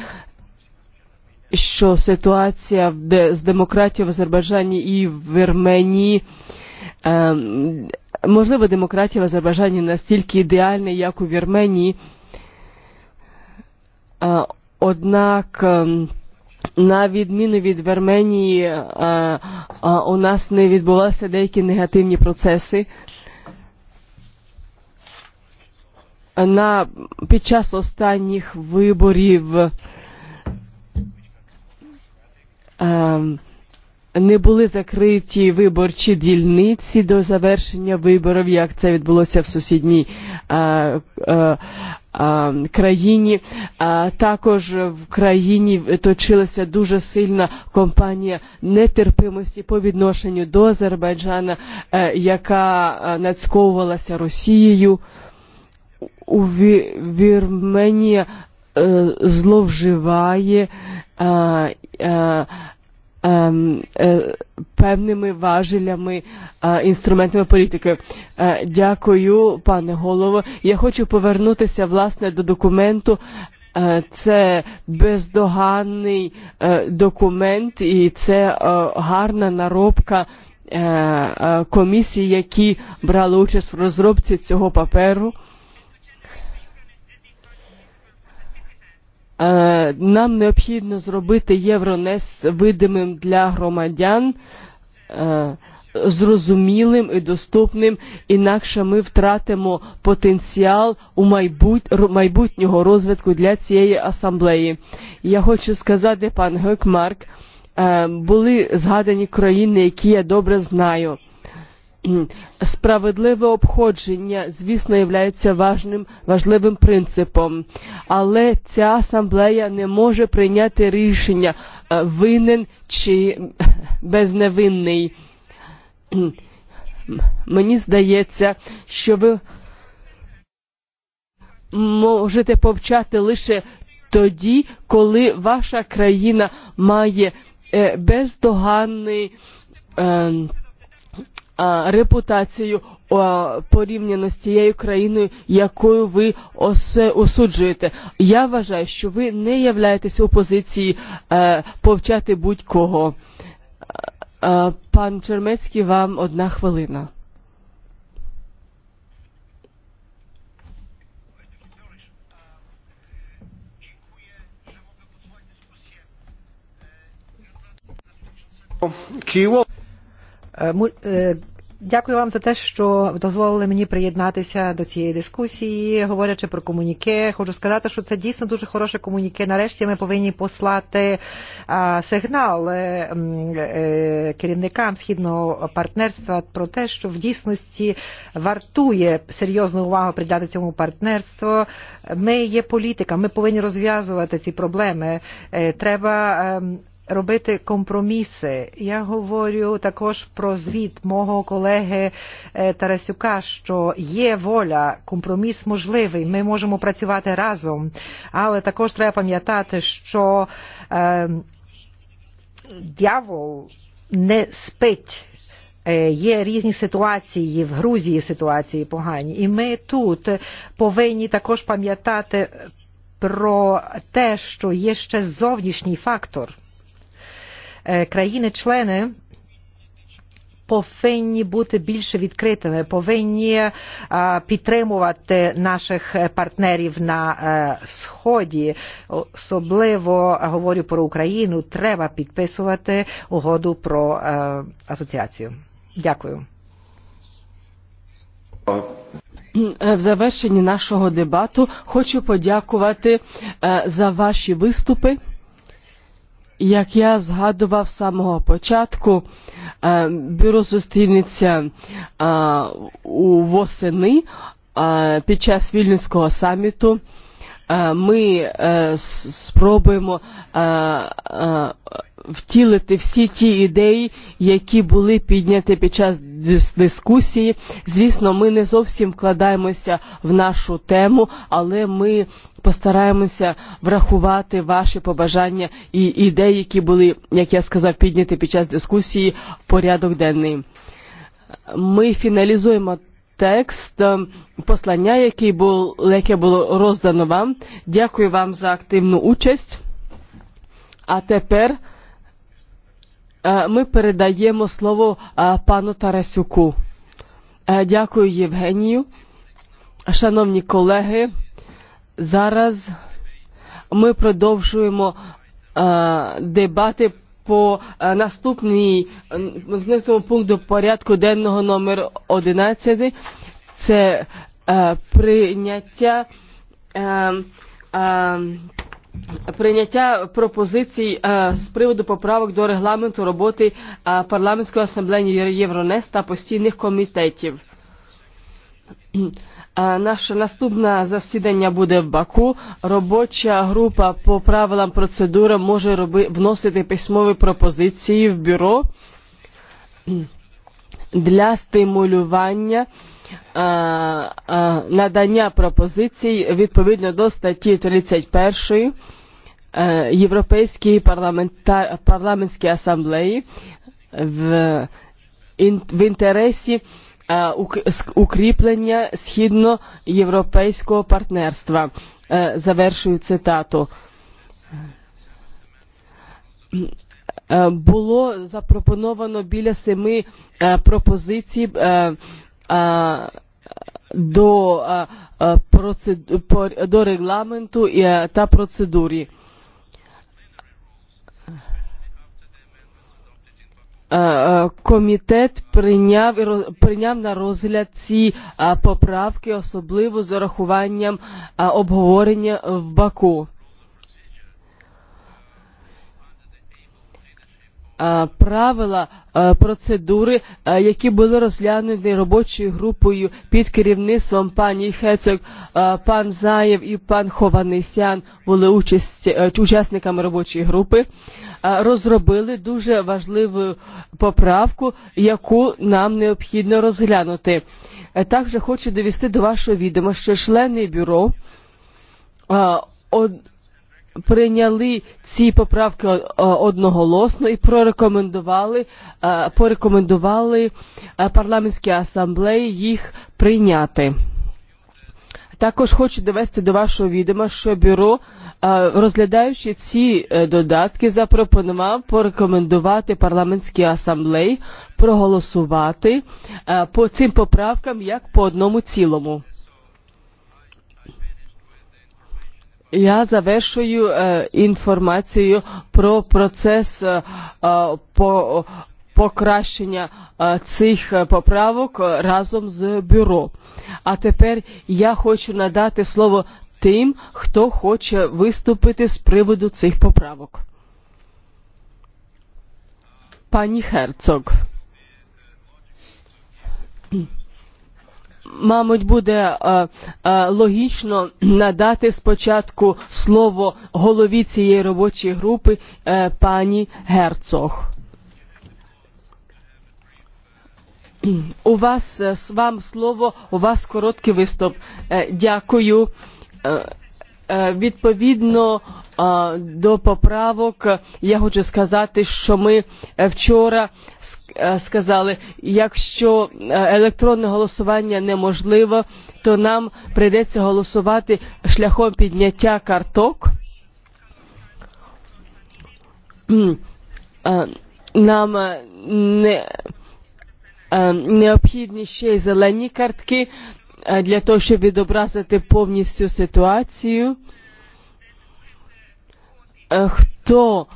S2: що ситуація з демократією в Азербайджані і в Вірменії можливо, демократія в Азербайджані настільки ідеальна, як у Вірменії. Однак, на відміну від Вірменії, у нас не відбулися деякі негативні процеси. на під час останніх виборів не були закриті виборчі дільниці до завершення виборів, як це відбулося в сусідній а, а, а, країні. А, також в країні точилася дуже сильна компанія нетерпимості по відношенню до Азербайджана, а, яка нацьковувалася Росією у Вірменія зловживає певними важелями, інструментами політики. Дякую, пане голово. Я хочу повернутися, власне, до документу це бездоганний документ і це гарна наробка комісій, які брали участь в розробці цього паперу. нам необхідно зробити Євронес видимим для громадян, зрозумілим і доступним, інакше ми втратимо потенціал у майбутнього розвитку для цієї асамблеї. Я хочу сказати, пан Гекмарк, були згадані країни, які я добре знаю – Справедливе обходження, звісно, є важним, важливим принципом, але ця асамблея не може прийняти рішення винен чи безневинний. Мені здається, що ви можете повчати лише тоді, коли ваша країна має бездоганний репутацію порівняно з тією країною, якою ви осуджуєте. Я вважаю, що ви не являєтесь у позиції повчати будь-кого. Пан Чермецький, вам одна хвилина.
S1: Kijewo Дякую вам за те, що дозволили мені приєднатися до цієї дискусії. Говорячи про комуніке, хочу сказати, що це дійсно дуже хороше комуніке. Нарешті ми повинні послати сигнал керівникам східного партнерства про те, що в дійсності вартує серйозну увагу приділяти цьому партнерству. Ми є політика, ми повинні розв'язувати ці проблеми. Треба робити компроміси. Я говорю також про звіт мого колеги Тарасюка, що є воля, компроміс можливий. Ми можемо працювати разом, але також треба пам'ятати, що е, дьявол не спить є різні ситуації в Грузії, ситуації погані. І ми тут повинні також пам'ятати про те, що є ще зовнішній фактор – країни члени повинні бути більш відкритими, повинні підтримувати наших партнерів на сході. Особливо говорю про Україну. Треба підписувати угоду про асоціацію. Дякую.
S2: В завершенні нашого дебату хочу подякувати за ваші виступи jak já zhadoval v samého počátku, bюро зустрінеться у восени під час Вільнюського саміту. Ми спробуємо втілити всі ті ідеї, які були підняті під час дискусії. Звісно, ми не зовсім вкладаємося в нашу тему, але ми постараємося врахувати ваші побажання і ідеї, які були, як я сказав, підняті під час дискусії в порядок денний. Ми фіналізуємо текст послання, який був, яке було роздано вам. Дякую вам за активну участь. А тепер ми передаємо слово пану Тарасюку. Дякую Євгенію. Шановні колеги, Зараз ми продовжуємо дебати по наступній наступному пункту порядку денного номер 11. Це прийняття прийняття пропозицій з приводу поправок до регламенту роботи парламентської асамблеї Євронес та постійних комітетів. Наше наступне засідання буде в Баку. Робоча група по правилам процедури може роби, вносити письмові пропозиції в бюро для стимулювання надання пропозицій відповідно до статті 31 Європейської парламентської асамблеї в інтересі укрепления східноєвропейського партнерства. Завершую цитату. Було запропоновано біля семи пропозицій до, до регламенту та процедури комітет прийняв прийняв на розгляд ці поправки, особливо з урахуванням обговорення в Баку. правила процедури, які були розглянуті робочою групою під керівництвом пані Хецьок, пан Заєв і пан Хованисян були участь, учасниками робочої групи, розробили дуже важливу поправку, яку нам необхідно розглянути. Також хочу довести до вашого відома, що члени бюро прийняли ці поправки одноголосно і прорекомендували порекомендували парламентській асамблеї їх прийняти. Також хочу довести до вашого відома, що бюро, розглядаючи ці додатки, запропонував порекомендувати парламентській асамблеї проголосувати по цим поправкам як по одному цілому. Ja završuju uh, informaciju pro proces uh, po, pokrašenja uh, cih popravok razom z biuro. A teď ja chci nadat slovo tim kto chce vystupiti z privodu cih popravok. Pani Herzog. мабуть, буде логічно надати спочатку слово голові цієї робочої групи пані Герцог. У вас вам слово, у вас короткий виступ. Дякую відповідно до поправок я хочу сказати що ми вчора сказали якщо електронне голосування неможливо то нам прийдеться голосувати шляхом підняття карток нам не необхідні ще й зелені картки для того, щоб відобразити повністю ситуацію, хто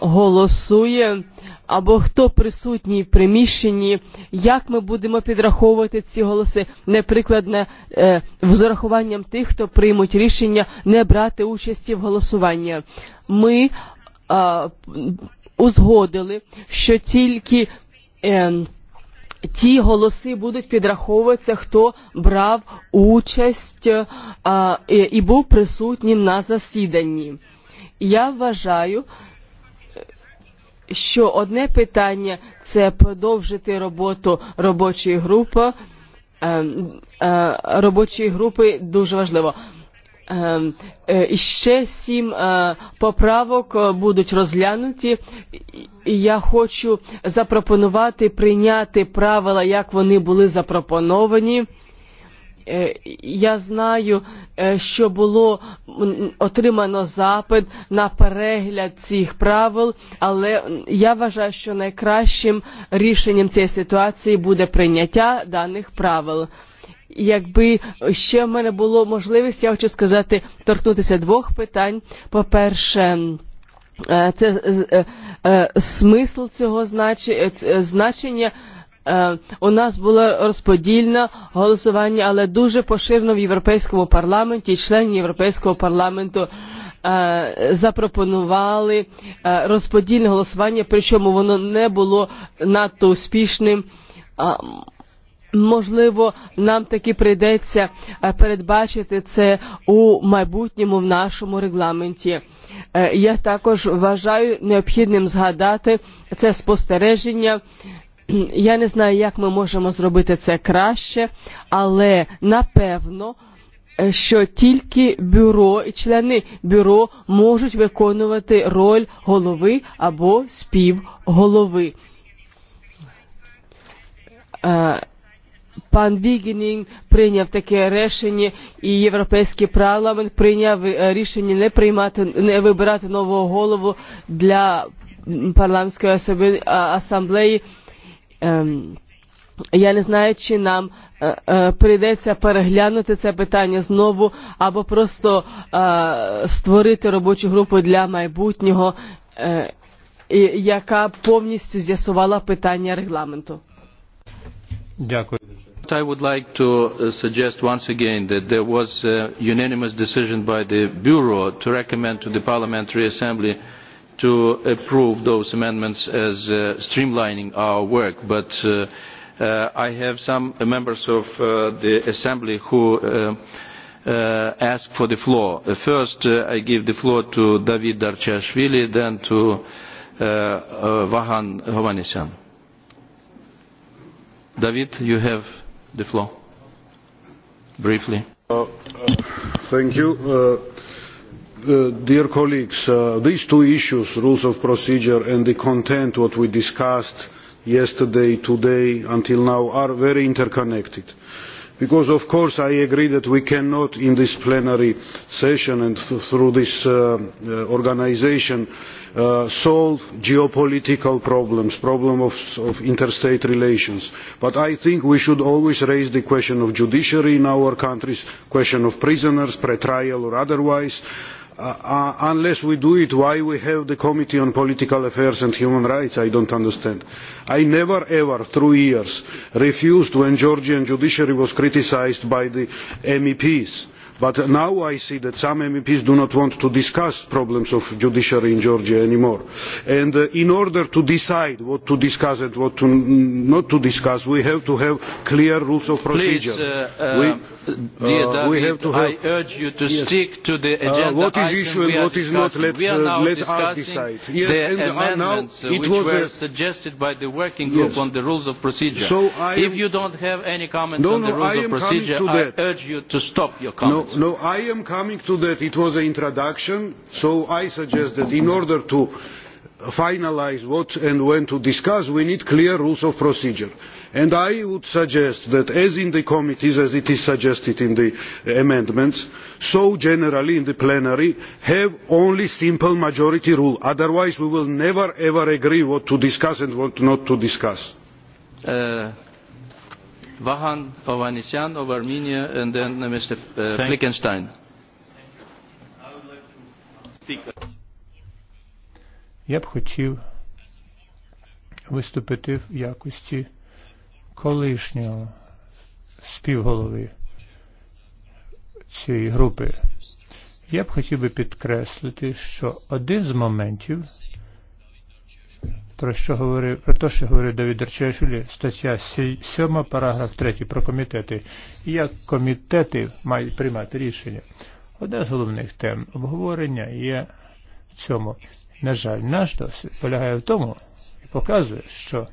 S2: голосує або хто присутній в приміщенні, як ми будемо підраховувати ці голоси, наприклад, не, е, з урахуванням тих, хто приймуть рішення не брати участі в голосуванні. Ми е, узгодили, що тільки е, ті голоси будуть підраховуватися, хто брав участь а, і, і був присутній на засіданні. Я вважаю, що одне питання це продовжити роботу робочої групи. Робочої групи дуже важливо ще сім поправок будуть розглянуті. Я хочу запропонувати прийняти правила, як вони були запропоновані. Я знаю, що було отримано запит на перегляд цих правил, але я вважаю, що найкращим рішенням цієї ситуації буде прийняття даних правил якби ще в мене було можливість, я хочу сказати, торкнутися двох питань. По-перше, це смисл цього значення. У нас було розподільне голосування, але дуже поширено в Європейському парламенті і члени Європейського парламенту запропонували розподільне голосування, причому воно не було надто успішним. Можливо, нам таки прийдеться передбачити це у майбутньому в нашому регламенті. Я також вважаю необхідним згадати це спостереження. Я не знаю, як ми можемо зробити це краще, але напевно що тільки бюро і члени бюро можуть виконувати роль голови або співголови. Pan Вигинин прийняв таке рішення, і Європейський парламент прийняв рішення не приймати, не вибирати нового голову для парламентської особи, асамблеї. Ем, я не знаю, чи нам е, е, прийдеться переглянути це питання знову, або просто е, створити робочу групу для майбутнього, е, яка повністю з'ясувала питання регламенту.
S4: Дякую.
S3: I would like to uh, suggest once again that there was a unanimous decision by the Bureau to recommend to the Parliamentary Assembly to approve those amendments as uh, streamlining our work. But uh, uh, I have some members of uh, the Assembly who uh, ask for the floor. First, I give the floor to David Darchashvili, then to Vahan Hovanesyan. David, you have the floor. Briefly.
S5: Uh, uh, thank you. Uh, uh dear colleagues, uh, these two issues, rules of procedure and the content, what we discussed yesterday, today, until now, are very interconnected. Because, of course, I agree that we cannot, in this plenary session and th through this uh, uh organization, Uh, solve geopolitical problems, problem of, of interstate relations. But I think we should always raise the question of the judiciary in our countries, the question of prisoners, pre-trial or otherwise. Uh, uh, unless we do it, why do we have the Committee on Political Affairs and Human Rights, I do not understand. I never ever, through the years, refused when the Georgian judiciary was criticised by the MEPs but now i see that some meps do not want to discuss the problems of the judiciary in georgia anymore and uh, in order to decide what to discuss and what to not to discuss we have to have clear rules of procedure Please, uh, uh, dear David, I
S3: urge you to stick to the agenda what is issue and what is not let, we are now let us decide yes, the amendments which were suggested by the working group on the rules of procedure so if you don't have any comments no, on the no, rules of procedure I urge you to stop your comments
S5: No, I am coming to that. It was an introduction, so I suggest that in order to finalise what and when to discuss, we need clear rules of procedure. And I would suggest that as in the committees, as it is suggested in the amendments, so generally in the plenary, have only simple majority rule. Otherwise we will never ever agree what to discuss and what not to discuss.
S3: Uh, Vahan of Anissian of Armenia, and then Mr. Flickenstein.
S4: Я б хотів виступити в якості колишнього співголови цієї групи. Я б хотів би підкреслити, що один з моментів, про що говорив, про те, що говорив Давид Дерчешвілі, стаття 7, параграф 3 про комітети. І як комітети мають приймати рішення? Одна з головних тем обговорення є в цьому. На жаль, наш досвід полягає в тому і показує, що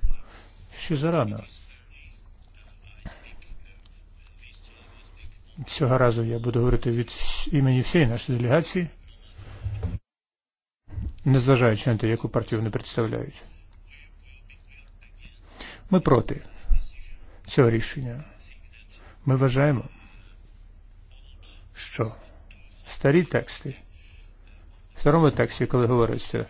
S4: ще зарано. Цього разу я буду говорити від імені всієї нашої делегації незважаючи на те, яку партію вони представляють. Ми проти цього рішення. Ми вважаємо, що старі тексти, в старому тексті, коли говориться,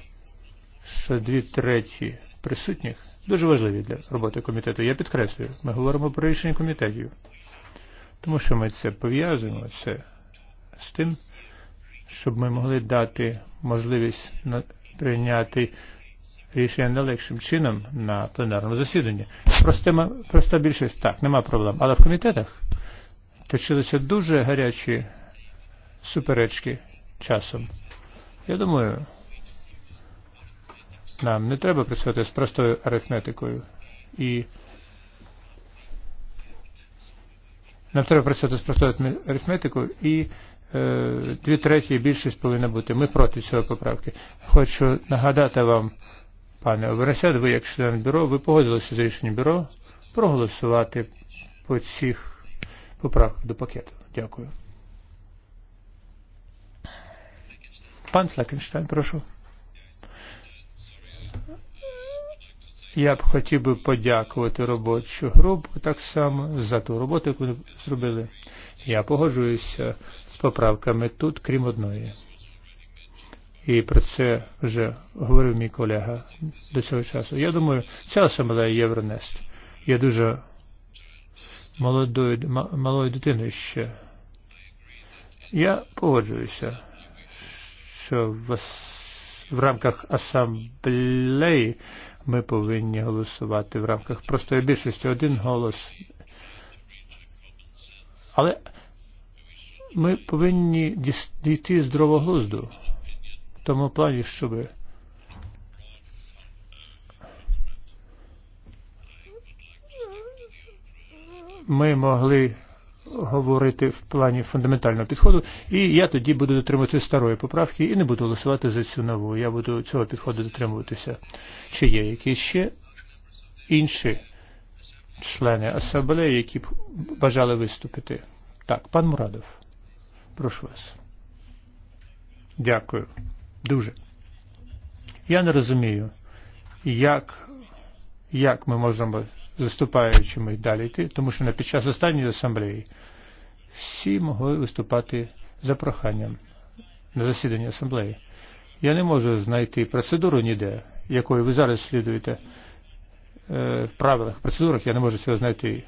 S4: що дві треті присутніх дуже важливі для роботи комітету. Я підкреслюю, ми говоримо про рішення комітетів, тому що ми це пов'язуємо це з тим, щоб ми могли дати можливість прийняти рішення нелегшим чином на пленарному засіданні. Проста, проста більшість так, нема проблем. Але в комітетах точилися дуже гарячі суперечки часом. Я думаю, нам не треба працювати з простою арифметикою. І нам треба працювати з простою арифметикою і е, дві треті більшість повинна бути. Ми проти цієї поправки. Хочу нагадати вам Пане Обересяд, ви як член бюро, ви погодилися з рішенням бюро проголосувати по цих поправках до пакету. Дякую. Пан Флекенштайн, прошу. Я б хотів би подякувати робочу групу так само за ту роботу, яку зробили. Я погоджуюся з поправками тут, крім одної і про це вже говорив мій колега до цього часу. Я думаю, ця асамблея Євронест є дуже молодою, малою дитиною ще. Я погоджуюся, що в, в рамках асамблеї ми повинні голосувати в рамках простої більшості один голос. Але ми повинні дійти здорового глузду в тому плані, щоб ми могли говорити в плані фундаментального підходу, і я тоді буду дотримувати старої поправки і не буду голосувати за цю нову. Я буду цього підходу дотримуватися. Чи є якісь ще інші члени асамблеї, які б бажали виступити? Так, пан Мурадов, прошу вас. Дякую. Дуже. Я не розумію, як, як ми можемо заступаючими далі йти, тому що на під час останньої асамблеї всі могли виступати за проханням на засіданні асамблеї. Я не можу знайти процедуру ніде, якою ви зараз слідуєте в правилах, процедурах, я не можу цього знайти.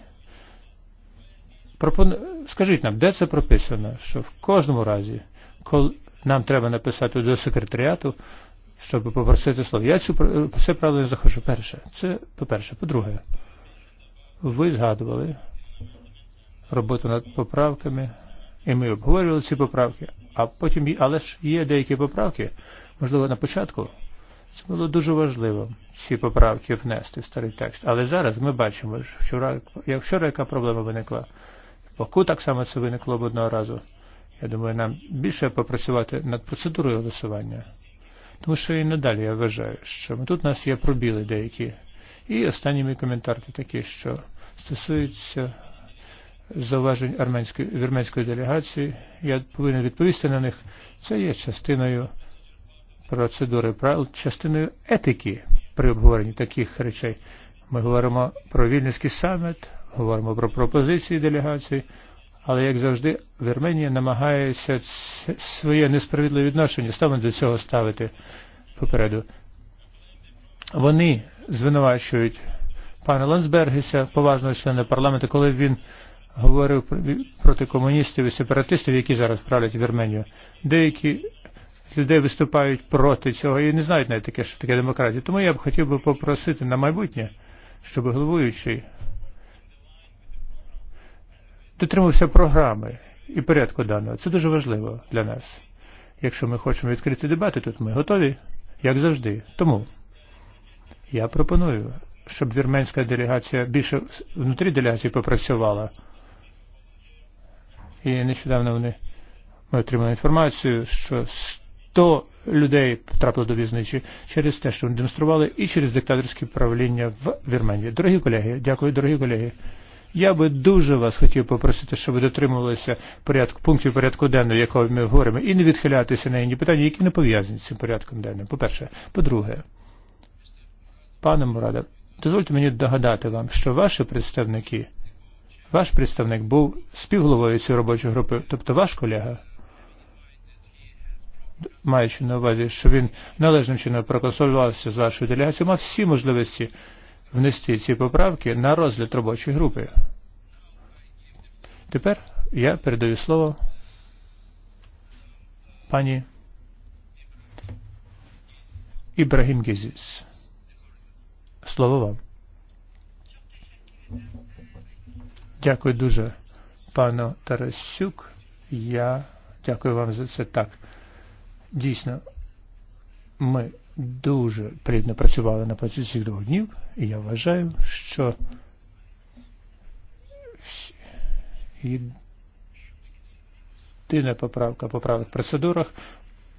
S4: Пропон... Скажіть нам, де це прописано, що в кожному разі, коли нам треба написати до секретаріату, щоб попросити слово. Я цю все правду не захожу. Перше, це по-перше. По-друге, ви згадували роботу над поправками, і ми обговорювали ці поправки, а потім, але ж є деякі поправки, можливо, на початку. Це було дуже важливо, ці поправки внести в старий текст. Але зараз ми бачимо, що вчора, як вчора яка проблема виникла. Поку так само це виникло в одного разу. Я думаю, нам більше попрацювати над процедурою голосування. Тому що і надалі я вважаю, що тут у нас є пробіли деякі. І останній мій коментар такі, що стосується зауважень арменської, вірменської делегації. Я повинен відповісти на них. Це є частиною процедури правил, частиною етики при обговоренні таких речей. Ми говоримо про вільницький саміт, говоримо про пропозиції делегації, але як завжди, Вірменія намагається своє несправедливе відношення саме до цього ставити попереду. Вони звинувачують пана Лансбергеса, поважного члена парламенту, коли він говорив проти комуністів і сепаратистів, які зараз правлять Вірменію. Деякі люди виступають проти цього і не знають навіть таке, що таке демократія. Тому я б хотів би попросити на майбутнє, щоб головуючий дотримувався програми і порядку даного. Це дуже важливо для нас. Якщо ми хочемо відкрити дебати, тут ми готові, як завжди. Тому я пропоную, щоб вірменська делегація більше внутрі делегації попрацювала. І нещодавно вони ми отримали інформацію, що 100 людей потрапило до в'язниці через те, що вони демонстрували, і через диктаторське правління в Вірменії. Дорогі колеги, дякую, дорогі колеги. Я би дуже вас хотів попросити, щоб ви дотримувалися порядку пунктів порядку денного, якого ми говоримо, і не відхилятися на інні питання, які не пов'язані з цим порядком денним. По-перше, по-друге, пане Мурада, дозвольте мені догадати вам, що ваші представники, ваш представник був співголовою цієї робочої групи, тобто ваш колега, маючи на увазі, що він належним чином проконсультувався з вашою делегацією, мав всі можливості внести ці поправки на розгляд робочої групи. Тепер я передаю слово пані Ібрагім Гізіс. Слово вам. Дякую дуже, пану Тарасюк. Я дякую вам за це так. Дійсно, ми дуже плідно працювали на цих двох днів, і я вважаю, що єдина поправка по правих процедурах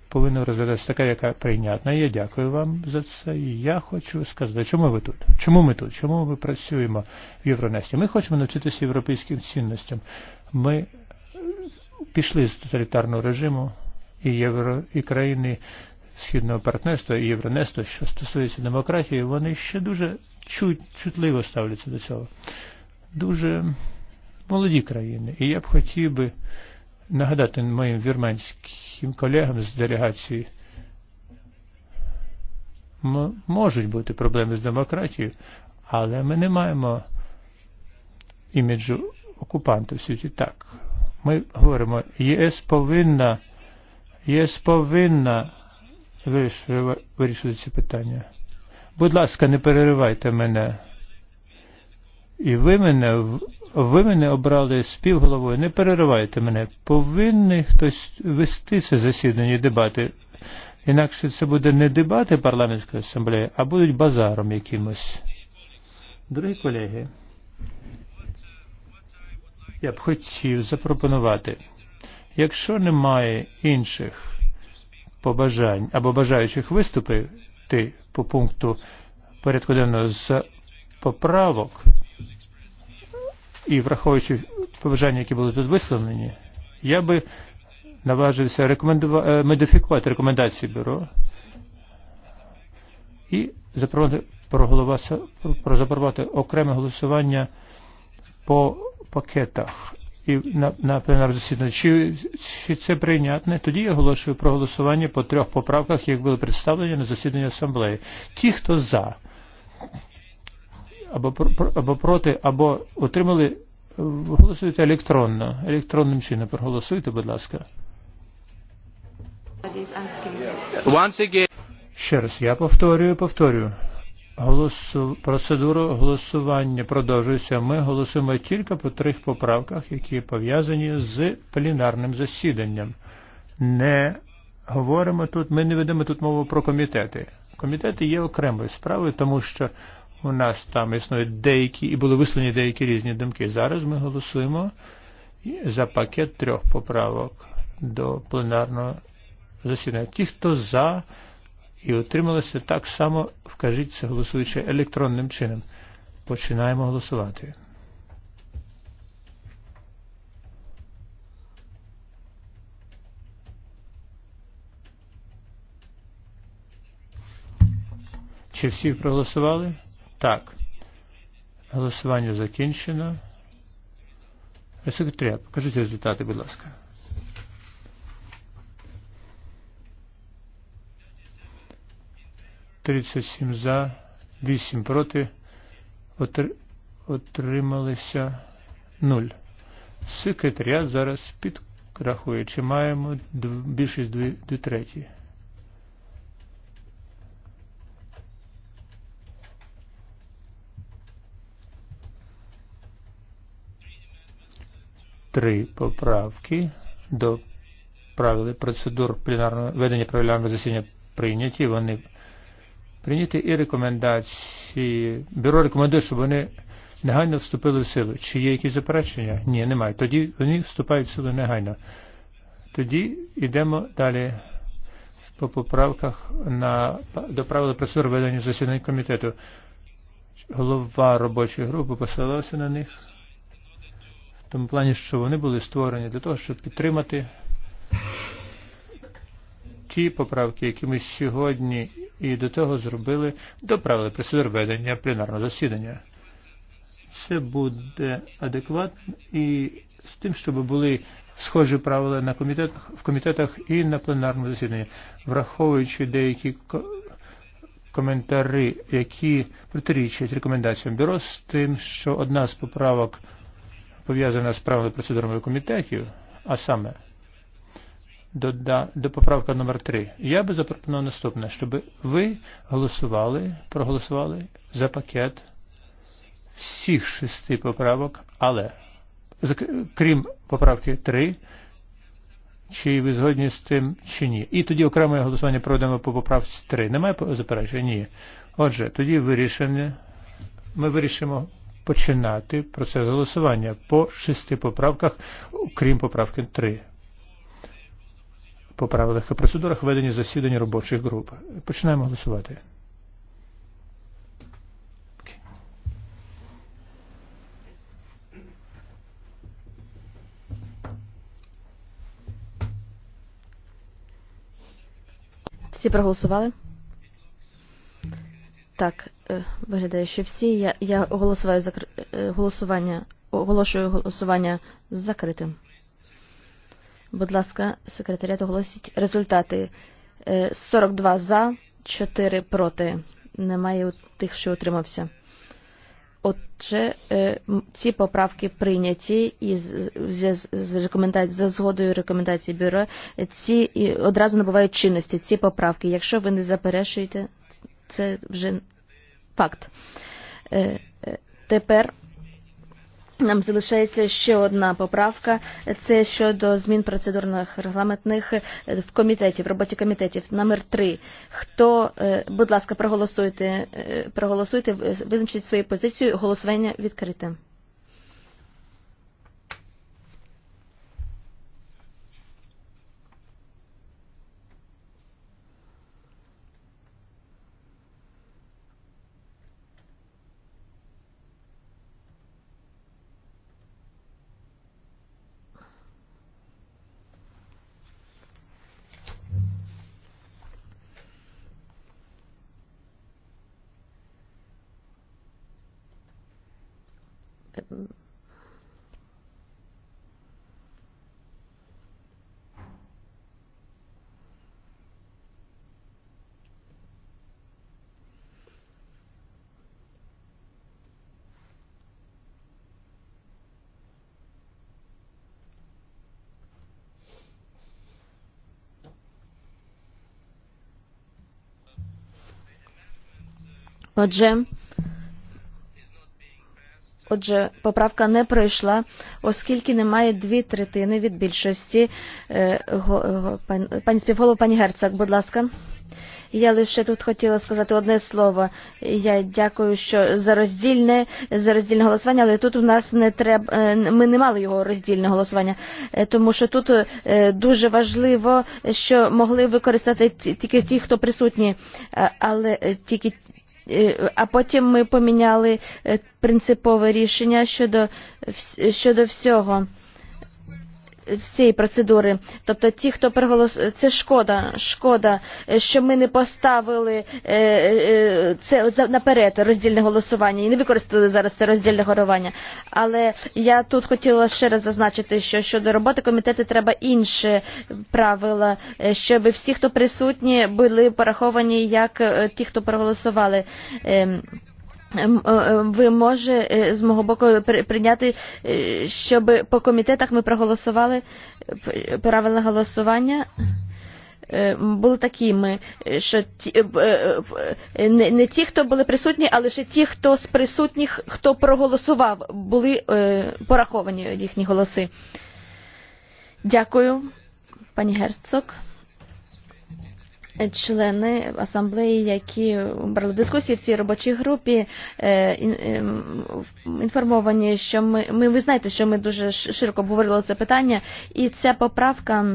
S4: повинна розглядатися така, яка прийнятна. Я дякую вам за це. І я хочу сказати, чому ви тут? Чому ми тут? Чому ми працюємо в Євронесті? Ми хочемо навчитися європейським цінностям. Ми пішли з тоталітарного режиму, і, євро, і країни східного партнерства і Євронесту, що стосується демократії, вони ще дуже чут, чутливо ставляться до цього. Дуже молоді країни. І я б хотів би нагадати моїм вірменським колегам з делегації, можуть бути проблеми з демократією, але ми не маємо іміджу окупанта в світі. Так, ми говоримо, ЄС повинна, ЄС повинна Я вирішу ці питання. Будь ласка, не переривайте мене. І ви мене, ви мене обрали співголовою, не переривайте мене. Повинен хтось вести це засідання і дебати. Інакше це буде не дебати парламентської асамблеї, а будуть базаром якимось. Дорогі колеги, я б хотів запропонувати, якщо немає інших побажань або бажаючих виступити по пункту порядку денного з поправок і враховуючи побажання, які були тут висловлені, я би наважився рекомендувати модифікувати рекомендації бюро і запропонувати проголосувати окреме голосування по пакетах і на, на пленарне засідання. Чи, чи це прийнятне? Тоді я оголошую про голосування по трьох поправках, як були представлені на засіданні асамблеї. Ті, хто за, або, або проти, або отримали, голосуйте електронно, електронним чином проголосуйте, будь ласка. Ще раз, я повторюю, повторюю. Голосу... Процедуру голосування продовжується. Ми голосуємо тільки по трьох поправках, які пов'язані з пленарним засіданням. Не говоримо тут, ми не ведемо тут мову про комітети. Комітети є окремою справою, тому що у нас там існують деякі і були висловлені деякі різні думки. Зараз ми голосуємо за пакет трьох поправок до пленарного засідання. Ті, хто за і отрималося так само, вкажіть це голосуючи електронним чином. Починаємо голосувати. Чи всі проголосували? Так. Голосування закінчено. Секретаря, покажіть результати, будь ласка. 37 за, 8 проти, отрималися 0. Секретаріат зараз підрахує, чи маємо більшість 2 треті. Три поправки до правил процедур пленарного ведення правильного засідання прийняті. Вони прийняти і рекомендації. Бюро рекомендує, щоб вони негайно вступили в силу. Чи є якісь заперечення? Ні, немає. Тоді вони вступають в силу негайно. Тоді йдемо далі по поправках на, до правил процедури ведення засідань комітету. Голова робочої групи посилався на них в тому плані, що вони були створені для того, щоб підтримати ті поправки, які ми сьогодні і до того зробили, доправили процедуру ведення пленарного засідання. Це буде адекватно і з тим, щоб були схожі правила на комітетах, в комітетах і на пленарному засіданні, враховуючи деякі коментарі, які протирічать рекомендаціям бюро з тим, що одна з поправок пов'язана з правилами процедурами комітетів, а саме – до, до поправка номер 3. Я би запропонував наступне, щоб ви голосували, проголосували за пакет всіх шести поправок, але крім поправки 3, чи ви згодні з тим, чи ні. І тоді окреме голосування проведемо по поправці 3. Немає заперечень? Ні. Отже, тоді вирішення, ми вирішимо починати процес голосування по шести поправках, крім поправки 3 по правилах і процедурах ведення засідань робочих груп. Починаємо голосувати.
S6: Всі проголосували? Так, виглядає, що всі. Я, я голосуваю, голосування, оголошую голосування закритим. Будь ласка, секретаріат оголосить результати. 42 за, 4 проти. Немає тих, що утримався. Отже, ці поправки прийняті і з рекомендацією за згодою рекомендації бюро ці і одразу набувають чинності ці поправки. Якщо ви не заперечуєте, це вже факт. Тепер Нам залишається ще одна поправка. Це щодо змін процедурних регламентних в комітеті, в роботі комітетів. Номер три. Хто, будь ласка, проголосуйте, проголосуйте, визначіть свою позицію. Голосування відкрите. Отже, Отже, поправка не пройшла, оскільки немає дві третини від більшості. Пані співголова, пані Герцак, будь ласка. Я лише тут хотіла сказати одне слово. Я дякую, що за роздільне за роздільне голосування, але тут у нас не треба. Ми не мали його роздільне голосування, тому що тут дуже важливо, що могли використати тільки ті, хто присутні, але тільки а потім ми поміняли принципове рішення щодо, щодо всього цієї процедури. Тобто ті, хто проголосує, це шкода, шкода, що ми не поставили це наперед роздільне голосування і не використали зараз це роздільне голосування. Але я тут хотіла ще раз зазначити, що щодо роботи комітету треба інші правила, щоб всі, хто присутні, були пораховані як ті, хто проголосували ви може з мого боку прийняти, щоб по комітетах ми проголосували правила голосування. Були такі ми, що ті, не, не ті, хто були присутні, а лише ті, хто з присутніх, хто проголосував, були пораховані їхні голоси. Дякую, пані Герцог члени асамблеї, які брали дискусії в цій робочій групі, інформовані, що ми, ми ви знаєте, що ми дуже широко обговорили це питання, і ця поправка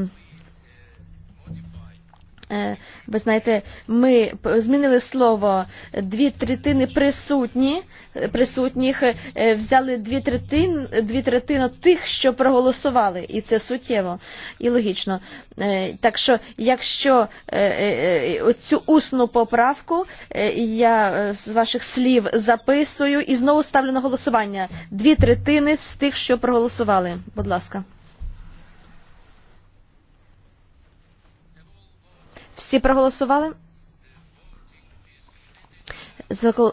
S6: Ви знаєте, ми змінили слово дві третини присутні, присутніх взяли дві третини, дві третини тих, що проголосували, і це суттєво і логічно. Так що, якщо цю усну поправку я з ваших слів записую і знову ставлю на голосування дві третини з тих, що проголосували. Будь ласка. Всі проголосували?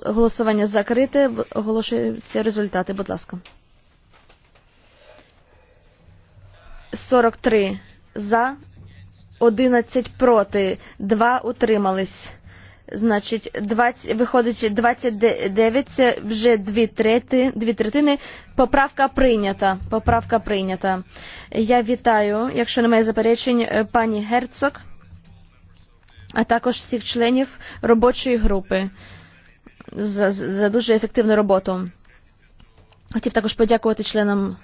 S6: Голосування закрите. Оголошуються результати, будь ласка. 43 за, 11 проти, 2 утримались. Значить, 20, виходить 29, це вже дві, трети, дві третини. Поправка прийнята. Поправка прийнята. Я вітаю, якщо немає заперечень, пані Герцог а також всіх членів робочої групи за, за дуже ефективну роботу. Хотів також подякувати членам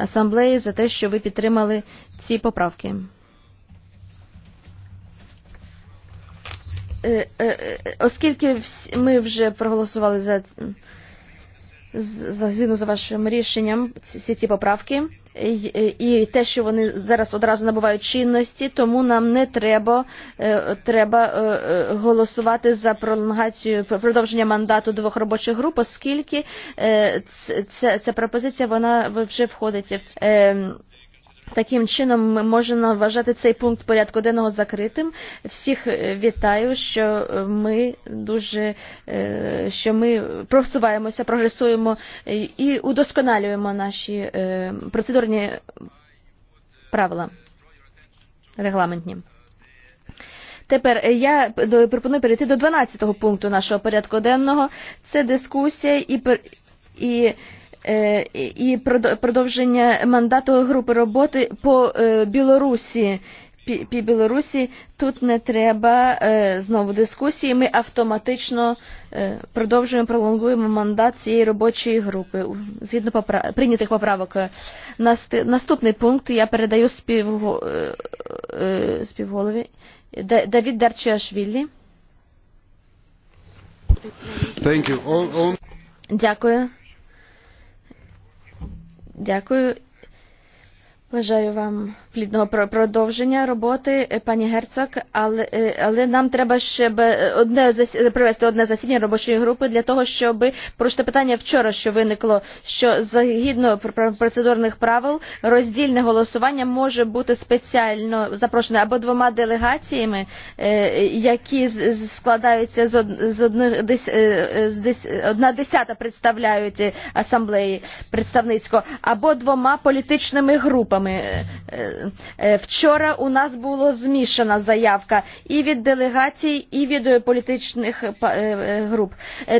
S6: асамблеї за те, що ви підтримали ці поправки. Оскільки ми вже проголосували за загину за вашим рішенням всі ці поправки і те, що вони зараз одразу набувають чинності, тому нам не треба, треба голосувати за пролонгацію продовження мандату двох робочих груп, оскільки ця, ця пропозиція вона вже входить в Таким чином можна вважати цей пункт порядку денного закритим. Всіх вітаю, що ми дуже що ми просуваємося, прогресуємо і удосконалюємо наші процедурні правила регламентні. Тепер я пропоную перейти до 12 го пункту нашого порядку денного. Це дискусія і, і і продовження мандату групи роботи по Білорусі. Пі Білорусі тут не треба знову дискусії. Ми автоматично продовжуємо пролонгуємо мандат цієї робочої групи згідно попра... прийнятих поправок. Наступний пункт я передаю співго... співголові Давід Дарчашвілі. Дякую. Дякую. Бажаю вам плідного продовження роботи, пані Герцог, але, але нам треба ще одне провести одне засідання робочої групи для того, щоб порушити питання вчора, що виникло, що згідно процедурних правил роздільне голосування може бути спеціально запрошене або двома делегаціями, які складаються з, од, з одних десь, з десь, одна десята представляють асамблеї представницько, або двома політичними групами Вчора у нас було змішана заявка і від делегацій, і від політичних груп.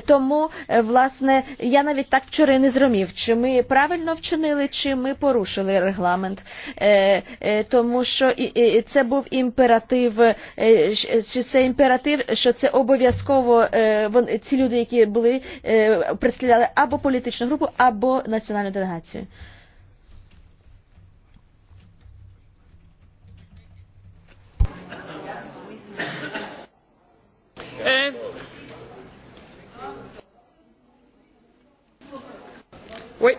S6: Тому, власне, я навіть так вчора і не зрозумів, чи ми правильно вчинили, чи ми порушили регламент. Тому що це був імператив, чи це імператив, що це обов'язково ці люди, які були, представляли або політичну групу, або національну делегацію.
S2: Okay.
S5: Oui.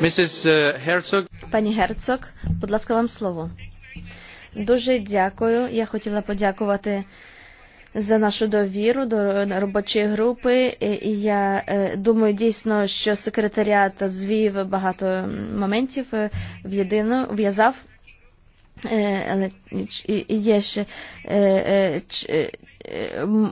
S6: Mrs. Herzog. Pani Herzog, будь ласка, вам слово. Дуже дякую. Я хотіла подякувати за нашу довіру до робочої групи. І я думаю дійсно, що секретаріат звів багато моментів в єдину, в'язав Eh, ještě. Eh, eh,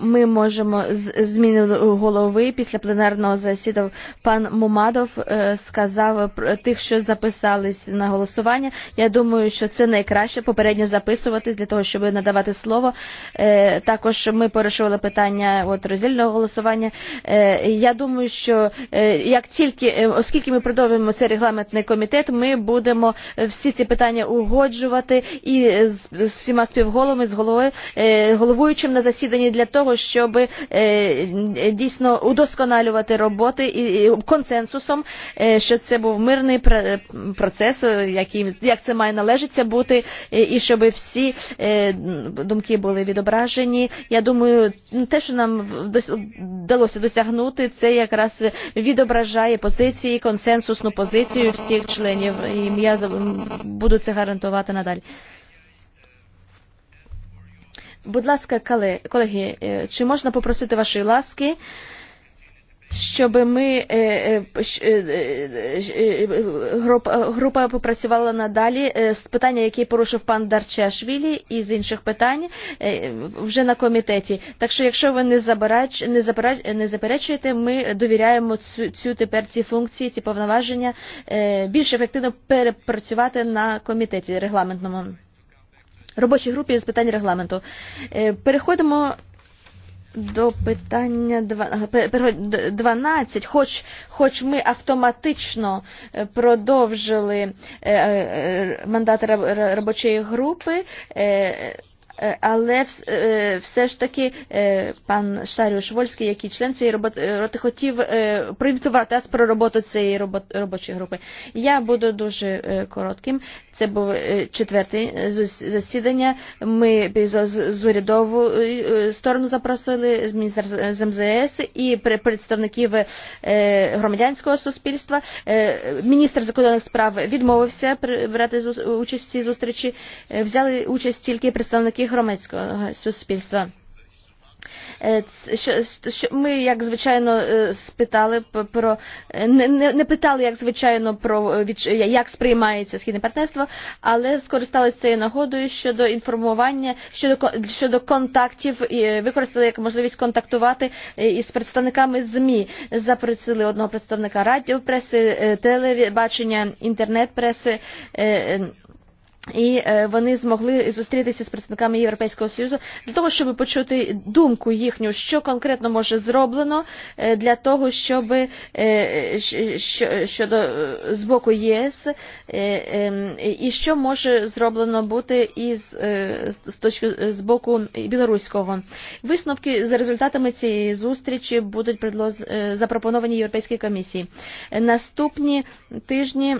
S6: ми можемо зміни голови після пленарного засіду. Пан Мумадов сказав про тих, що записались на голосування. Я думаю, що це найкраще попередньо записуватись для того, щоб надавати слово. Також ми порішували питання от роздільного голосування. Я думаю, що як тільки, оскільки ми продовжуємо цей регламентний комітет, ми будемо всі ці питання угоджувати і з всіма співголовами, з головою, головуючим на засіданні засіданні для того, щоб дійсно удосконалювати роботи і консенсусом, що це був мирний процес, який як це має належиться бути, і щоб всі думки були відображені. Я думаю, те, що нам вдалося досягнути, це якраз відображає позиції, консенсусну позицію всіх членів. І я буду це гарантувати надалі. Будь ласка, колеги, чи можна попросити вашої ласки? щоб ми група попрацювала надалі з питання, які порушив пан Дарчашвілі, і з інших питань вже на комітеті. Так що, якщо ви не забирач, не заперечуєте, ми довіряємо цю, цю тепер ці функції, ці повноваження більш ефективно перепрацювати на комітеті регламентному робочій групі з питань регламенту. Переходимо до питання 12, хоч, хоч ми автоматично продовжили мандат робочої групи, але все ж таки пан Шаріуш Вольський, який член цієї роботи, хотів проінформувати нас про роботу цієї робочої групи. Я буду дуже коротким. Це був четвертий засідання. Ми з урядову сторону запросили з міністерства з МЗС і представників громадянського суспільства. Міністр закордонних справ відмовився брати участь в цій зустрічі. Взяли участь тільки представники громадського суспільства. Ми, як звичайно, спитали про не, не, не питали, як звичайно, про як сприймається східне партнерство, але скористалися цією нагодою щодо інформування щодо щодо контактів і використали як можливість контактувати із представниками ЗМІ. Запросили одного представника радіопреси, телебачення, інтернет-преси І вони змогли зустрітися з представниками Європейського Союзу для того, щоб почути думку їхню, що конкретно може зроблено для того, щоб щодо з боку ЄС і що може зроблено бути із з точки з боку білоруського. Висновки за результатами цієї зустрічі будуть запропоновані Європейській комісії. Наступні тижні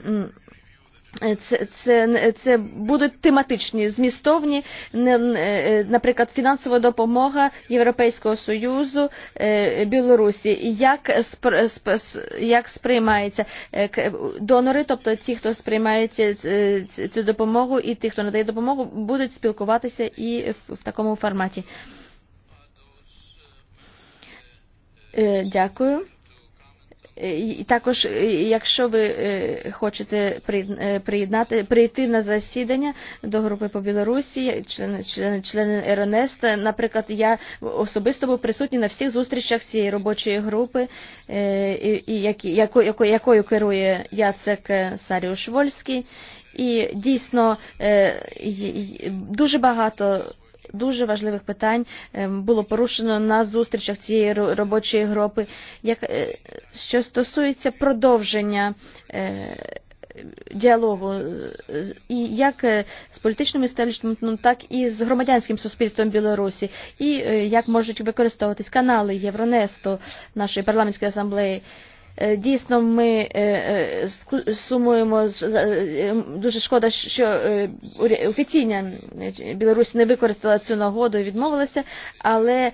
S6: Це це, це будуть тематичні, змістовні, наприклад, фінансова допомога Європейського союзу Білорусі. Як як сприймається донори, тобто ті, хто сприймає цю цю допомогу, і ті, хто надає допомогу, будуть спілкуватися і в, в такому форматі. Дякую. І також, якщо ви хочете приєднати, прийти на засідання до групи по Білорусі, члени член, член РНС, наприклад, я особисто був присутній на всіх зустрічах цієї робочої групи, і, і які, яко, яко, якою керує Яцек Саріуш Вольський. І дійсно дуже багато дуже важливих питань було порушено на зустрічах цієї робочої групи, як що стосується продовження діалогу і як з політичним істеблішментом, так і з громадянським суспільством Білорусі, і як можуть використовуватись канали Євронесту нашої парламентської асамблеї. Дійсно, ми сумуємо дуже шкода, що офіційна Білорусь не використала цю нагоду і відмовилася, але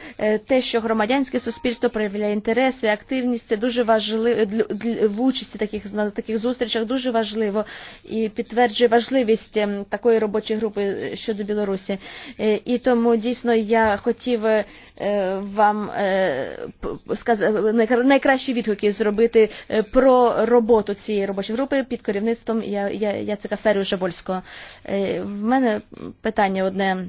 S6: те, що громадянське суспільство проявляє інтереси, активність, це дуже важливо в участі таких на таких зустрічах дуже важливо і підтверджує важливість такої робочої групи щодо Білорусі. І тому дійсно я хотів вам сказати найкращі відгуки зробити говорити про роботу цієї робочої групи під керівництвом Яцика Сарію Жабольського. В мене питання одне.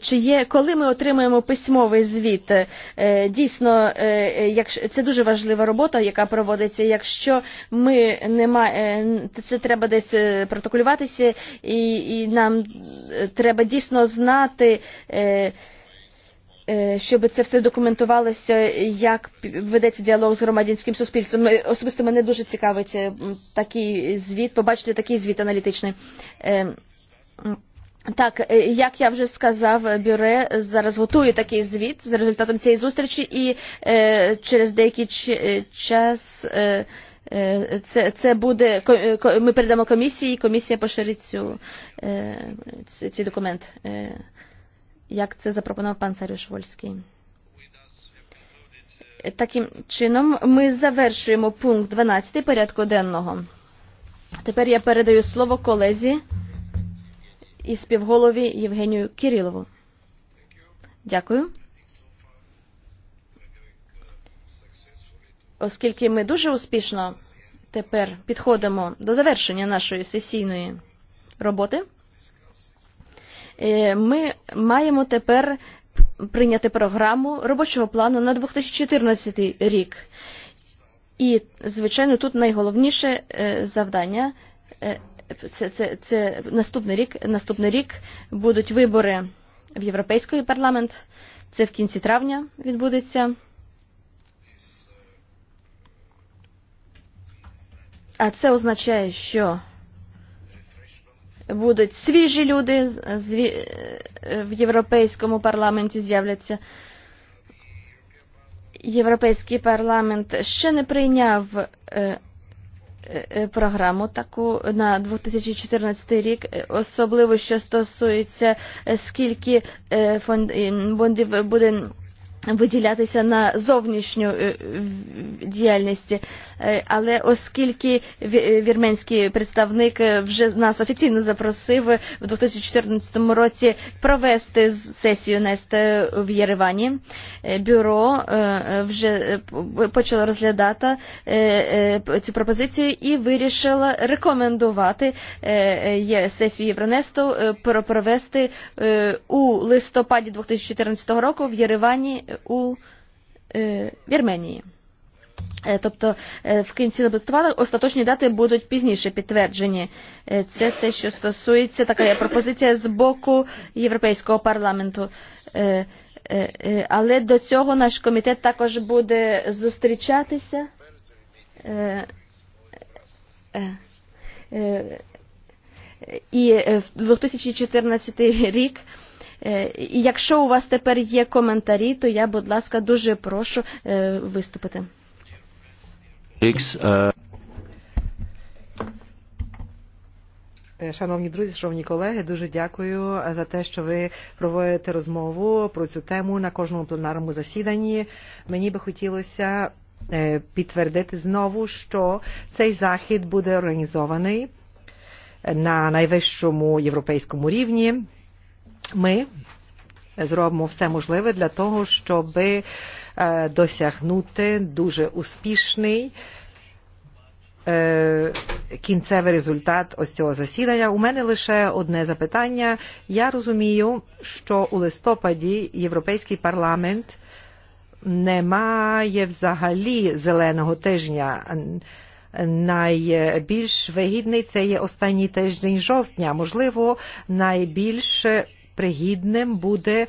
S6: Чи є, коли ми отримуємо письмовий звіт, дійсно, якщо, це дуже важлива робота, яка проводиться. Якщо ми не нема, це треба десь протоколюватися, і, і нам треба дійсно знати, щоб це все документувалося, як ведеться діалог з громадянським суспільством. Особисто мене дуже цікавить такий звіт, побачити такий звіт аналітичний. Так, як я вже сказав, бюре зараз готує такий звіт за результатом цієї зустрічі, і е, через деякий ч, час е, це, це буде ко- ко- ми передамо комісії, комісія поширить цю, е, ці документи. Е, jak це запропонував пан Сарюшвольський. Таким чином, ми завершуємо пункт 12 порядку денного. Тепер я передаю слово колезі і співголові Євгенію Кирилову. Дякую. Оскільки ми дуже успішно тепер підходимо до завершення нашої сесійної роботи ми маємо тепер прийняти програму робочого плану на 2014 рік. І, звичайно, тут найголовніше завдання це, це, це наступний рік. Наступний рік будуть вибори в Європейський парламент. Це в кінці травня відбудеться. А це означає, що будуть свіжі люди в Європейському парламенті з'являться. Європейський парламент ще не прийняв програму таку на 2014 рік, особливо що стосується скільки фондів буде виділятися на зовнішню діяльність. Але оскільки вірменський представник вже нас офіційно запросив в 2014 році провести сесію НЕСТ в Єревані, бюро вже почало розглядати цю пропозицію і вирішило рекомендувати сесію Євронесту провести у листопаді 2014 року в Єревані у Вірменії. Тобто в кінці листопада остаточні дати будуть пізніше підтверджені. Це те, що стосується така є пропозиція з боку Європейського парламенту. Але до цього наш комітет також буде зустрічатися і в 2014 рік Якщо у вас тепер є коментарі, то я, будь ласка, дуже прошу
S1: виступити. Шановні друзі, шановні колеги, дуже дякую за те, що ви проводите розмову про цю тему на кожному пленарному засіданні. Мені би хотілося підтвердити знову, що цей захід буде організований на найвищому європейському рівні ми зробимо все можливе для того, щоб досягнути дуже успішний кінцевий результат ось цього засідання. У мене лише одне запитання. Я розумію, що у листопаді Європейський парламент не має взагалі зеленого тижня. Найбільш вигідний це є останній тиждень жовтня, можливо, найбільше пригідним буде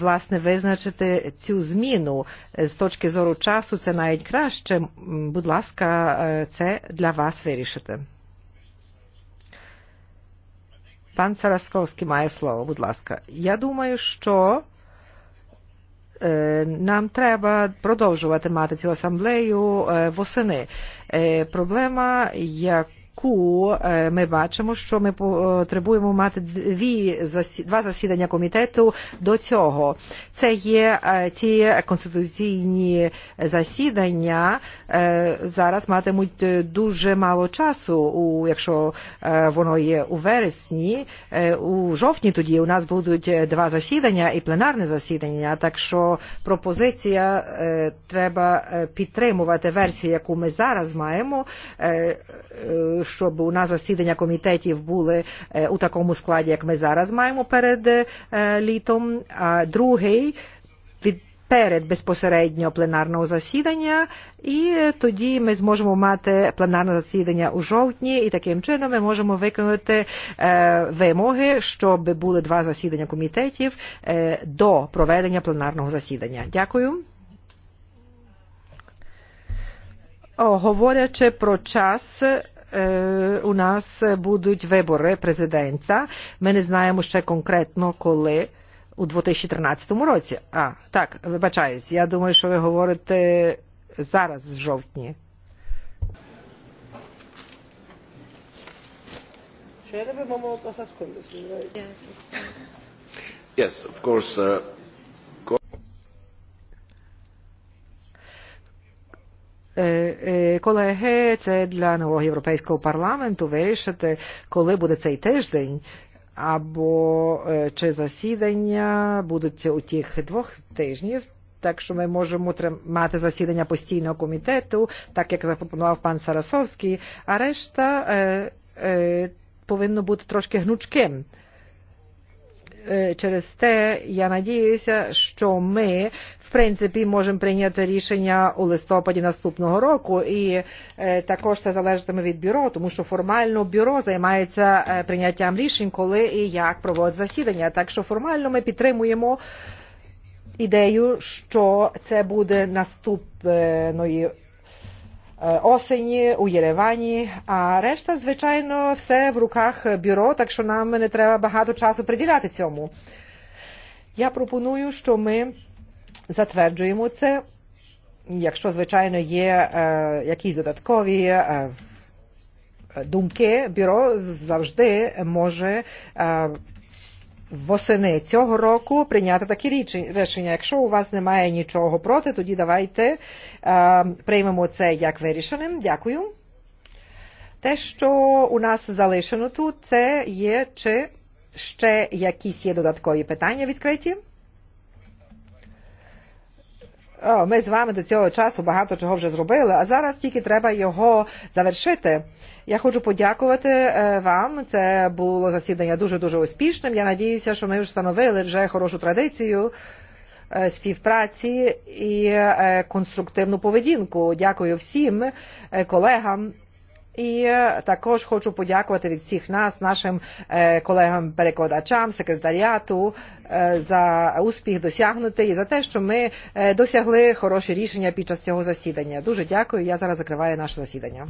S1: власне визначити цю зміну з точки зору часу. Це навіть краще. Будь ласка, це для вас вирішити. Пан Сарасковський має слово, будь ласка. Я думаю, що нам треба продовжувати мати цю асамблею восени. Проблема, як яку ми бачимо, що ми потребуємо мати дві два засідання комітету до цього. Це є ці конституційні засідання зараз матимуть дуже мало часу, якщо воно є у вересні, у жовтні тоді у нас будуть два засідання і пленарне засідання. Так що пропозиція треба підтримувати версію, яку ми зараз маємо щоб у нас засідання комітетів були у такому складі, як ми зараз маємо перед літом. А другий від перед безпосередньо пленарного засідання, і тоді ми зможемо мати пленарне засідання у жовтні, і таким чином ми можемо виконати е, вимоги, щоб були два засідання комітетів е, до проведення пленарного засідання. Дякую. О, говорячи про час, у нас будуть вибори президента. Ми не знаємо ще конкретно коли. У 2013 році. А, так, вибачаюсь, я думаю, що ви говорите зараз в жовтні.
S3: Yes, of course. Uh,
S1: Колеги, це для нового Європейського парламенту вирішити, коли буде цей тиждень або чи засідання будуть у тих двох тижнів. Так що ми можемо мати засідання постійного комітету, так як запропонував пан Сарасовський, а решта е, е, повинно бути трошки гнучким через те я надіюся, що ми в принципі можемо прийняти рішення у листопаді наступного року, і також це залежатиме від бюро, тому що формально бюро займається прийняттям рішень, коли і як проводить засідання. Так що формально ми підтримуємо ідею, що це буде наступної осені у Єревані. А решта, звичайно, все в руках бюро, так що нам не треба багато часу приділяти цьому. Я пропоную, що ми затверджуємо це, якщо, звичайно, є е, якісь додаткові. Е, Думки бюро завжди може е, восени цього року прийняти такі рішення. Якщо у вас немає нічого проти, тоді давайте приймемо це як вирішеним. Дякую. Те, що у нас залишено тут, це є чи ще якісь є додаткові питання відкриті? Ми з вами до цього часу багато чого вже зробили, а зараз тільки треба його завершити. Я хочу подякувати вам. Це було засідання дуже дуже успішним. Я надіюся, що ми встановили вже хорошу традицію співпраці і конструктивну поведінку. Дякую всім колегам. І також хочу подякувати від всіх нас, нашим колегам-перекладачам, секретаріату за успіх досягнутий і за те, що ми досягли хороші рішення під час цього засідання. Дуже дякую. Я зараз закриваю наше засідання.